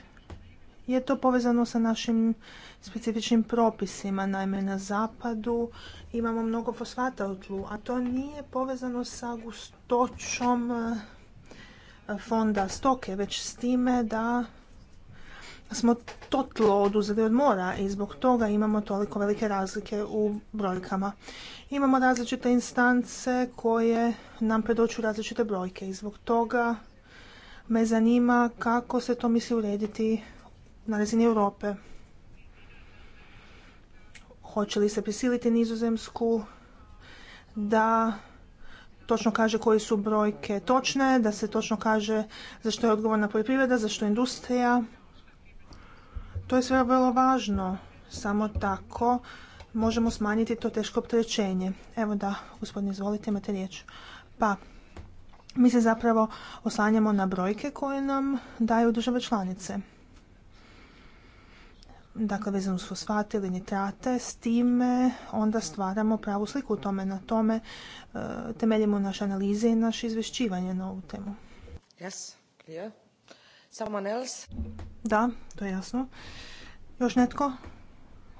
je to povezano sa našim specifičnim propisima. Naime, na zapadu imamo mnogo fosfata u tlu, a to nije povezano sa gustoćom eh, fonda stoke, već s time da smo totlo oduzeli od mora i zbog toga imamo toliko velike razlike u brojkama. Imamo različite instance koje nam predoču različite brojke i zbog toga me zanima kako se to misli urediti na razini Europe. Hoće li se prisiliti nizozemsku da točno kaže koje su brojke točne, da se točno kaže za što je odgovorna poljoprivreda, za što je industrija, to je sve vrlo važno. Samo tako možemo smanjiti to teško opterećenje. Evo da, gospodine, izvolite, imate riječ. Pa, mi se zapravo oslanjamo na brojke koje nam daju države članice. Dakle, vezano s fosfate ili nitrate, s time onda stvaramo pravu sliku u tome. Na tome e, temeljimo naše analize i naše izvješćivanje na ovu temu. Someone Da, to je jasno. Još netko?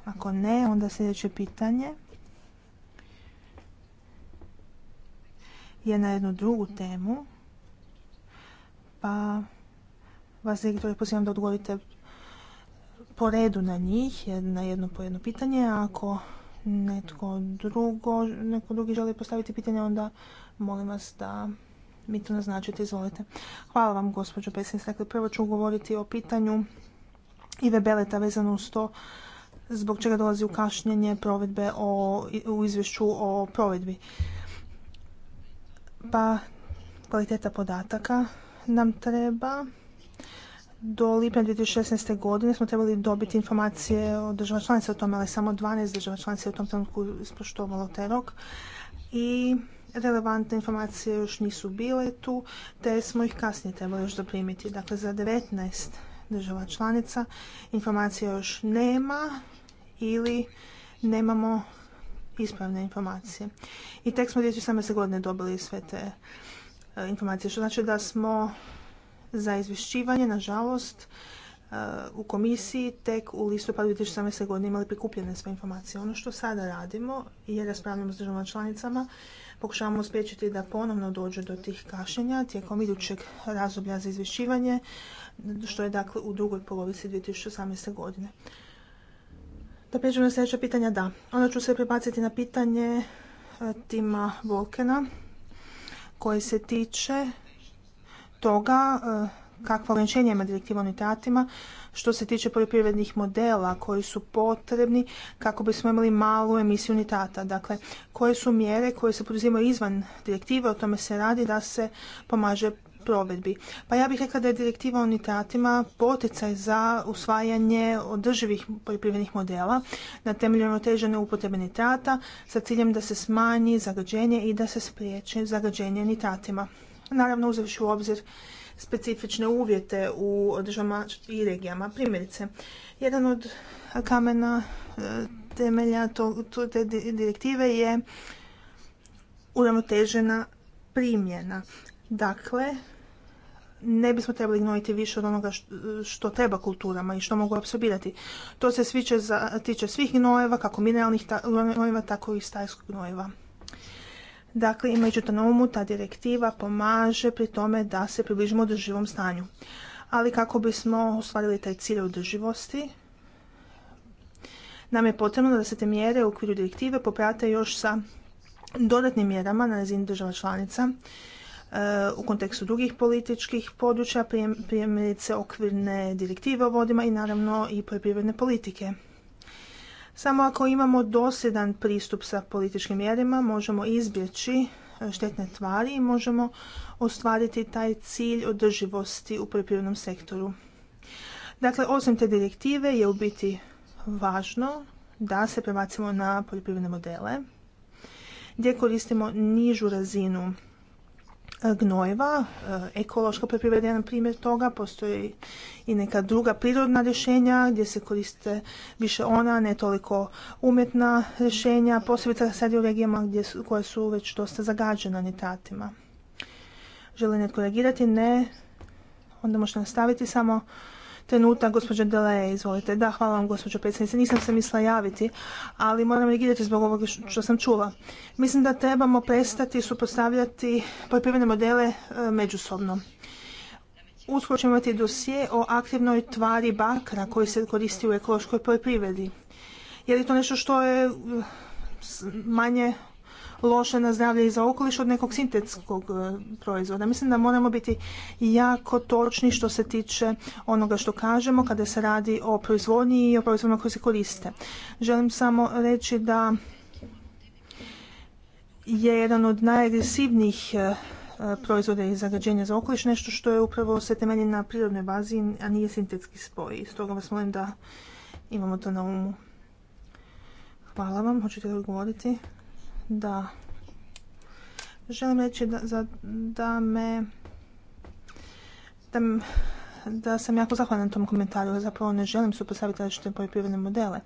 Ako ne, onda sljedeće pitanje je na jednu drugu temu. Pa vas, direktore, pozivam da odgovorite po redu na njih, na jedno po jedno pitanje. ako netko drugo, neko drugi želi postaviti pitanje, onda molim vas da mi to naznačite, Izvolite. Hvala vam, gospođo predsjednice. Dakle, prvo ću govoriti o pitanju Ive Beleta vezano uz to zbog čega dolazi u kašnjenje provedbe o, u izvješću o provedbi. Pa, kvaliteta podataka nam treba. Do lipnja 2016. godine smo trebali dobiti informacije od država članica o tome, ali samo 12 država članica je u tom trenutku ispoštovalo te rok. I relevantne informacije još nisu bile tu, te smo ih kasnije trebali još doprimiti. Dakle, za 19 država članica informacija još nema ili nemamo ispravne informacije. I tek smo 2018. godine dobili sve te e, informacije, što znači da smo za izvješćivanje, nažalost, e, u komisiji tek u listopadu 2017. godine imali prikupljene sve informacije. Ono što sada radimo je raspravljamo s državama članicama pokušavamo spriječiti da ponovno dođe do tih kašnjenja tijekom idućeg razdoblja za izvješćivanje, što je dakle u drugoj polovici 2018. godine. Da pređemo na sljedeća pitanja, da. Onda ću se prebaciti na pitanje e, Tima Volkena koje se tiče toga e, kakva ograničenja ima direktiva o nitratima što se tiče poljoprivrednih modela koji su potrebni kako bismo imali malu emisiju nitrata. Dakle, koje su mjere koje se poduzimaju izvan direktive, o tome se radi da se pomaže provedbi. Pa ja bih rekla da je direktiva o nitratima poticaj za usvajanje održivih poljoprivrednih modela na temelju ravnotežene upotrebe nitrata sa ciljem da se smanji zagađenje i da se spriječi zagađenje nitratima. Naravno, uzevši u obzir specifične uvjete u državama i regijama. Primjerice, jedan od kamena e, temelja te direktive je uravnotežena primjena. Dakle, ne bismo trebali gnojiti više od onoga što treba kulturama i što mogu apsorbirati. To se sviče za, tiče svih gnojeva, kako mineralnih gnojeva, tako i stajskog gnojeva. Dakle, imajući to na ta direktiva pomaže pri tome da se približimo održivom stanju. Ali kako bismo ostvarili taj cilj održivosti, nam je potrebno da se te mjere u okviru direktive poprate još sa dodatnim mjerama na razini država članica e, u kontekstu drugih političkih područja, primjerice okvirne direktive o vodima i naravno i poljoprivredne politike. Samo ako imamo dosjedan pristup sa političkim mjerima možemo izbjeći e, štetne tvari i možemo ostvariti taj cilj održivosti u poljoprivrednom sektoru. Dakle, osim te direktive je u biti važno da se prebacimo na poljoprivredne modele gdje koristimo nižu razinu E, gnojiva, e, ekološka poljoprivreda je primjer toga, postoji i neka druga prirodna rješenja gdje se koriste više ona, ne toliko umjetna rješenja, posebice sad u regijama gdje su, koje su već dosta zagađena nitratima. Želi netko reagirati? Ne. Onda možete nastaviti samo trenutak. Gospođa Delaje, izvolite. Da, hvala vam gospođo predsjednice. Nisam se mislila javiti, ali moram reagirati zbog ovoga što sam čula. Mislim da trebamo prestati supostavljati poljoprivredne modele e, međusobno. Uskoro ćemo imati dosije o aktivnoj tvari bakra koji se koristi u ekološkoj poljoprivredi. Je li to nešto što je e, manje loše na zdravlje i za okoliš od nekog sintetskog e, proizvoda. Mislim da moramo biti jako točni što se tiče onoga što kažemo kada se radi o proizvodnji i o proizvodima koji se koriste. Želim samo reći da je jedan od najagresivnijih e, proizvoda i zagađenja za okoliš, nešto što je upravo se temelji na prirodnoj bazi, a nije sintetski spoj. Stoga vas molim da imamo to na umu. Hvala vam, hoćete li odgovoriti? da želim reći da, da me da, da sam jako zahvalna tom komentaru, zapravo ne želim suprotstaviti različite poljoprivredne modele.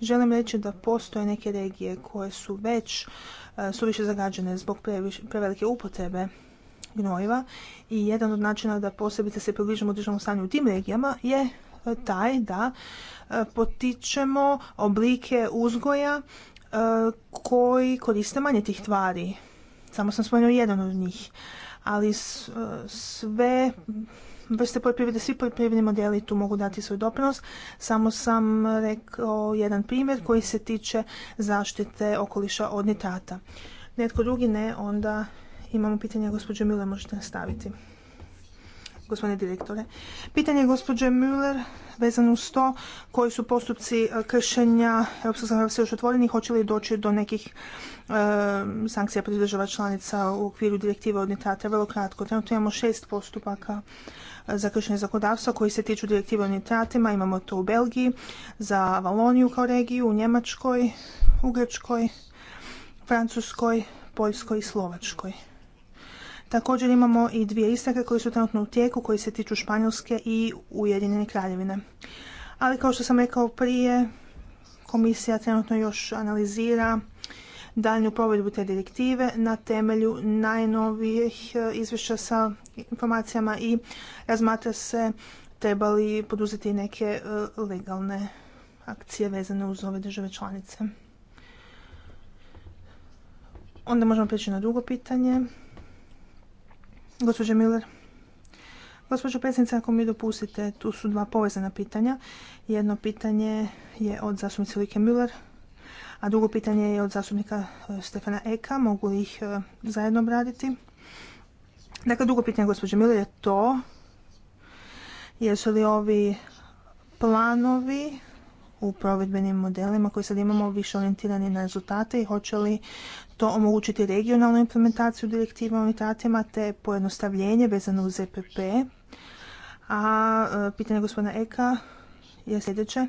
Želim reći da postoje neke regije koje su već e, su više zagađene zbog prevelike upotrebe gnojiva i jedan od načina da posebice se približimo u stanju u tim regijama je e, taj da e, potičemo oblike uzgoja koji koriste manje tih tvari. Samo sam spomenuo jedan od njih. Ali sve vrste poljoprivrede, svi poljoprivredni modeli tu mogu dati svoj doprinos. Samo sam rekao jedan primjer koji se tiče zaštite okoliša od nitrata. Netko drugi ne, onda imamo pitanje gospođo Mile, možete nastaviti gospodine direktore. Pitanje gospođe Müller vezano uz to koji su postupci e, kršenja Europskog zakonodavstva još otvoreni, hoće li doći do nekih e, sankcija protiv država članica u okviru direktive o nitrata. Vrlo kratko, trenutno imamo šest postupaka e, za kršenje zakonodavstva koji se tiču direktive o nitratima. Imamo to u Belgiji, za Valoniju kao regiju, u Njemačkoj, u Grčkoj, Francuskoj, Poljskoj i Slovačkoj. Također imamo i dvije istrage koje su trenutno u tijeku koji se tiču Španjolske i Ujedinjene kraljevine. Ali kao što sam rekao prije, komisija trenutno još analizira daljnju provedbu te direktive na temelju najnovijih e, izvješća sa informacijama i razmatra se treba li poduzeti neke e, legalne akcije vezane uz ove države članice. Onda možemo preći na drugo pitanje. Gospođa Miller. Gospođo predsjednice, ako mi dopustite, tu su dva povezana pitanja. Jedno pitanje je od zastupnice Like Miller, a drugo pitanje je od zastupnika e, Stefana Eka. Mogu li ih e, zajedno obraditi? Dakle, drugo pitanje gospođe Miller je to jesu li ovi planovi u provedbenim modelima koji sad imamo više orijentirani na rezultate i hoće li to omogućiti regionalnu implementaciju direktiva o nitratima te pojednostavljenje vezano uz EPP. A e, pitanje gospodina Eka je sljedeće.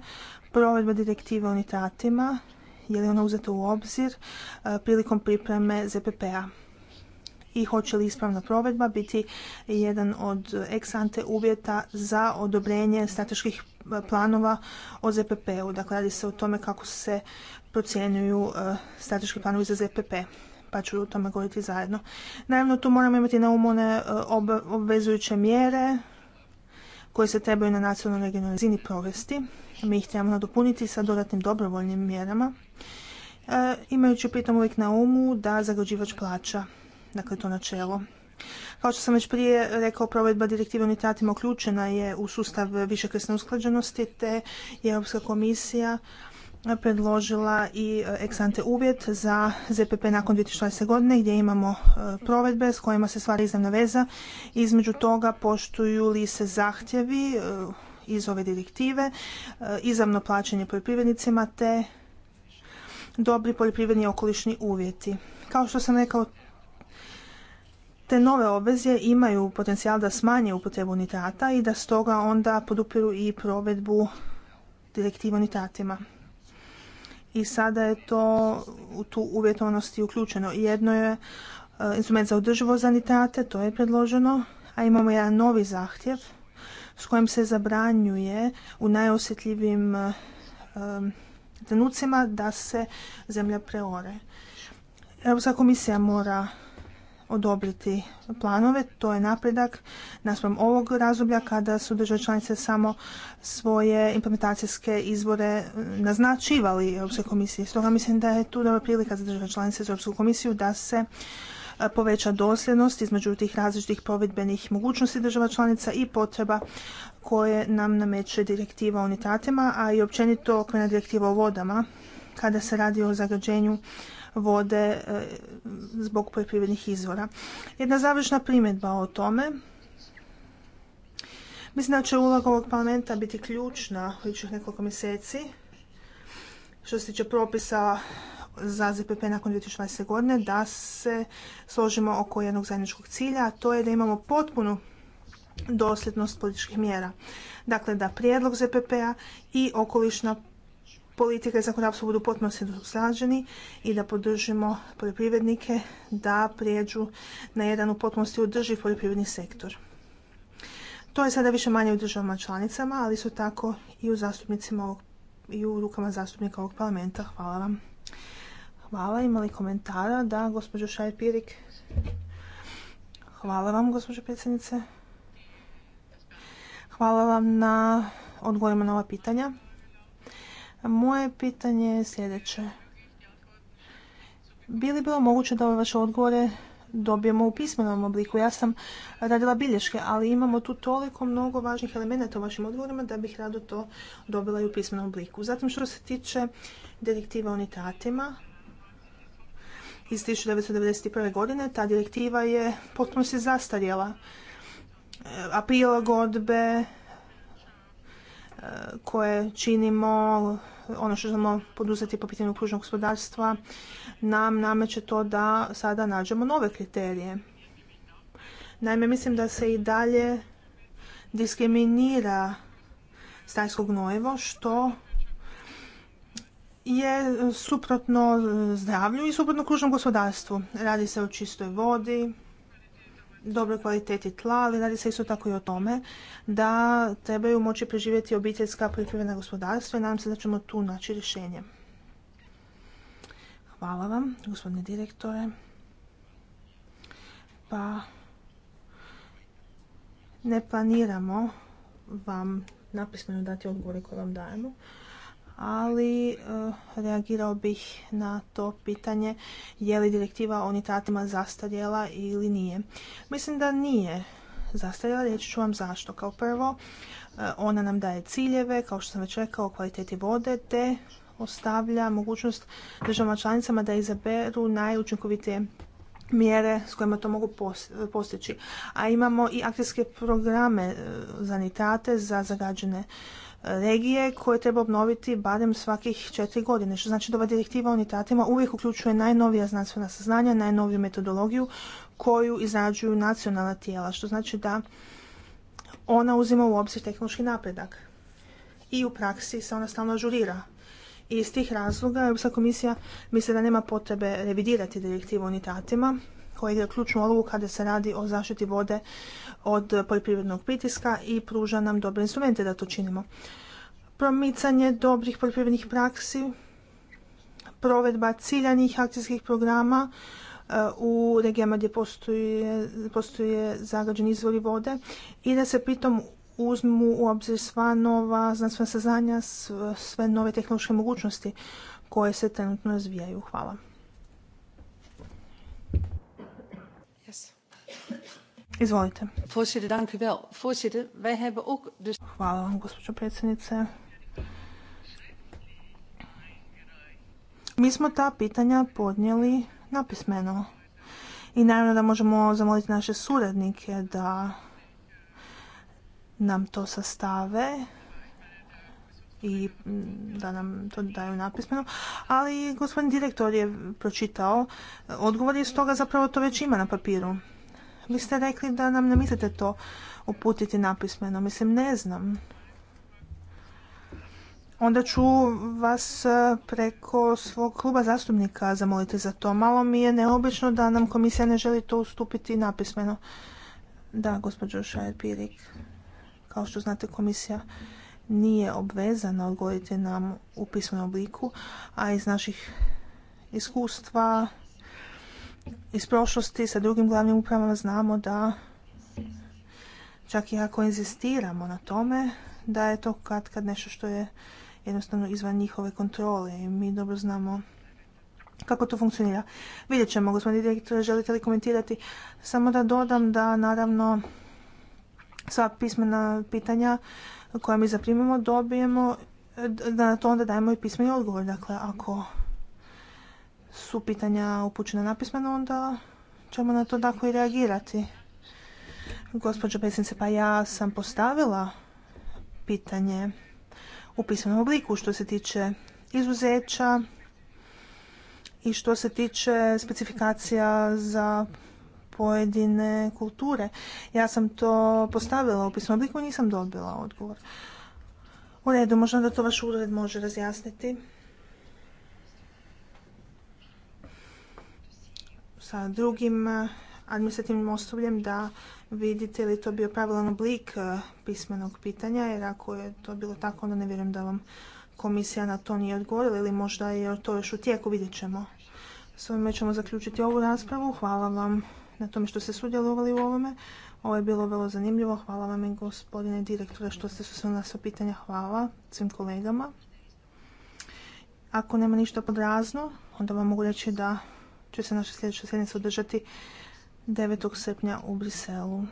Provedba direktive o nitratima, je li ona uzeta u obzir e, prilikom pripreme ZPP-a? i hoće li ispravna provedba biti jedan od eksante uvjeta za odobrenje strateških planova o ZPP-u. Dakle, radi se o tome kako se procjenjuju e, strateški planovi za ZPP pa ću o tome govoriti zajedno. Naravno, tu moramo imati na umu one e, obvezujuće mjere koje se trebaju na nacionalnoj regionalnoj razini provesti. Mi ih trebamo nadopuniti sa dodatnim dobrovoljnim mjerama, e, imajući pritom uvijek na umu da zagađivač plaća dakle to načelo. Kao što sam već prije rekao, provedba direktive o uključena je u sustav višekresne usklađenosti, te je Europska komisija predložila i eksante uvjet za ZPP nakon 2020. godine gdje imamo e, provedbe s kojima se stvari izravna veza. Između toga poštuju li se zahtjevi e, iz ove direktive, e, izravno plaćanje poljoprivrednicima te dobri poljoprivredni okolišni uvjeti. Kao što sam rekao, te nove obveze imaju potencijal da smanje upotrebu nitrata i da stoga onda podupiru i provedbu direktiva o nitratima. I sada je to u tu uvjetovanost uključeno. Jedno je e, instrument za održivo za nitrate, to je predloženo, a imamo jedan novi zahtjev s kojim se zabranjuje u najosjetljivim e, e, trenucima da se zemlja preore. Europska komisija mora odobriti planove. To je napredak naspram ovog razdoblja kada su države članice samo svoje implementacijske izvore naznačivali Europske komisije. Stoga mislim da je tu dobra prilika za države članice za Europsku komisiju da se e, poveća dosljednost između tih različitih provedbenih mogućnosti država članica i potreba koje nam nameće direktiva o nitratima, a i općenito okvirna direktiva o vodama kada se radi o zagađenju vode e, zbog poljoprivrednih izvora. Jedna završna primjedba o tome. Mislim da će uloga ovog parlamenta biti ključna u idućih nekoliko mjeseci što se tiče propisa za ZPP nakon 2020. godine da se složimo oko jednog zajedničkog cilja, a to je da imamo potpunu dosljednost političkih mjera. Dakle, da prijedlog ZPP-a i okolišna politike i zakonodavstvo budu potpunosti usklađeni i da podržimo poljoprivrednike da prijeđu na jedan u potpunosti održiv poljoprivredni sektor. To je sada više manje u državama članicama, ali su tako i u zastupnicima i u rukama zastupnika ovog parlamenta. Hvala vam. Hvala. Ima komentara? Da, gospođo Šajer-Pirik. Hvala vam, gospođo predsjednice. Hvala vam na odgovorima na ova pitanja. Moje pitanje je sljedeće. Bi li bilo moguće da ove vaše odgovore dobijemo u pismenom obliku? Ja sam radila bilješke, ali imamo tu toliko mnogo važnih elemenata u vašim odgovorima da bih rado to dobila i u pismenom obliku. Zatim što se tiče direktiva o nitratima, iz 1991. godine. Ta direktiva je potpuno se zastarjela. E, a prilagodbe koje činimo, ono što ćemo poduzeti po pitanju kružnog gospodarstva, nam nameće to da sada nađemo nove kriterije. Naime, mislim da se i dalje diskriminira stajsko gnojevo, što je suprotno zdravlju i suprotno kružnom gospodarstvu. Radi se o čistoj vodi, dobroj kvaliteti tla, ali radi se isto tako i o tome da trebaju moći preživjeti obiteljska poljoprivredna gospodarstva i nadam se da ćemo tu naći rješenje. Hvala vam, gospodine direktore. Pa ne planiramo vam napismeno dati odgovore koje vam dajemo ali eh, reagirao bih na to pitanje je li direktiva o nitratima zastarjela ili nije. Mislim da nije zastarjela, reći ću vam zašto. Kao prvo, eh, ona nam daje ciljeve, kao što sam već rekao, kvaliteti vode, te ostavlja mogućnost državama članicama da izaberu najučinkovitije mjere s kojima to mogu postići. A imamo i akcijske programe eh, za nitrate, za zagađene regije koje treba obnoviti barem svakih četiri godine, što znači da ova direktiva o nitratima uvijek uključuje najnovija znanstvena saznanja, najnoviju metodologiju koju izrađuju nacionalna tijela, što znači da ona uzima u obzir tehnološki napredak i u praksi se ona stalno ažurira. I iz tih razloga Europska komisija misli da nema potrebe revidirati direktivu o nitratima, koja je ključnu ulogu kada se radi o zaštiti vode od poljoprivrednog pritiska i pruža nam dobre instrumente da to činimo. Promicanje dobrih poljoprivrednih praksi, provedba ciljanih akcijskih programa eh, u regijama gdje postoje, postoje zagađeni izvori vode i da se pritom uzmu u obzir sva nova znanstvena saznanja, sve nove tehnološke mogućnosti koje se trenutno razvijaju. Hvala. Izvolite. Hvala vam, gospođo predsjednice. Mi smo ta pitanja podnijeli napismeno. I naravno da možemo zamoliti naše suradnike da nam to sastave i mm, da nam to daju napismeno. Ali gospodin direktor je pročitao odgovor i stoga zapravo to već ima na papiru. Vi ste rekli da nam ne mislite to uputiti napismeno. Mislim, ne znam. Onda ću vas e, preko svog kluba zastupnika zamoliti za to. Malo mi je neobično da nam komisija ne želi to ustupiti napismeno. Da, gospođo Šajer-Pirik, kao što znate komisija nije obvezana odgovoriti nam u pismenom obliku, a iz naših iskustva iz prošlosti sa drugim glavnim upravama znamo da čak i ako inzistiramo na tome, da je to kad kad nešto što je jednostavno izvan njihove kontrole i mi dobro znamo kako to funkcionira. Vidjet ćemo, gospodine direktore, želite li komentirati? Samo da dodam da naravno sva pismena pitanja koja mi zaprimimo dobijemo, da na to onda dajemo i pismeni odgovor. Dakle, ako su pitanja upućena napismeno, onda ćemo na to tako i reagirati. Gospođo predsjednice, pa ja sam postavila pitanje u pisanom obliku što se tiče izuzeća i što se tiče specifikacija za pojedine kulture. Ja sam to postavila u pismenom obliku i nisam dobila odgovor. U redu, možda da to vaš ured može razjasniti. sa drugim eh, administrativnim osobljem da vidite li to bio pravilan oblik eh, pismenog pitanja, jer ako je to bilo tako, onda ne vjerujem da vam komisija na to nije odgovorila ili možda je to još u tijeku, vidjet ćemo. S ovime ćemo zaključiti ovu raspravu. Hvala vam na tome što ste sudjelovali u ovome. Ovo je bilo vrlo zanimljivo. Hvala vam i gospodine direktore što ste su na sva pitanja. Hvala svim kolegama. Ako nema ništa podrazno, onda vam mogu reći da će se naša sljedeća sjednica održati 9. srpnja u Briselu.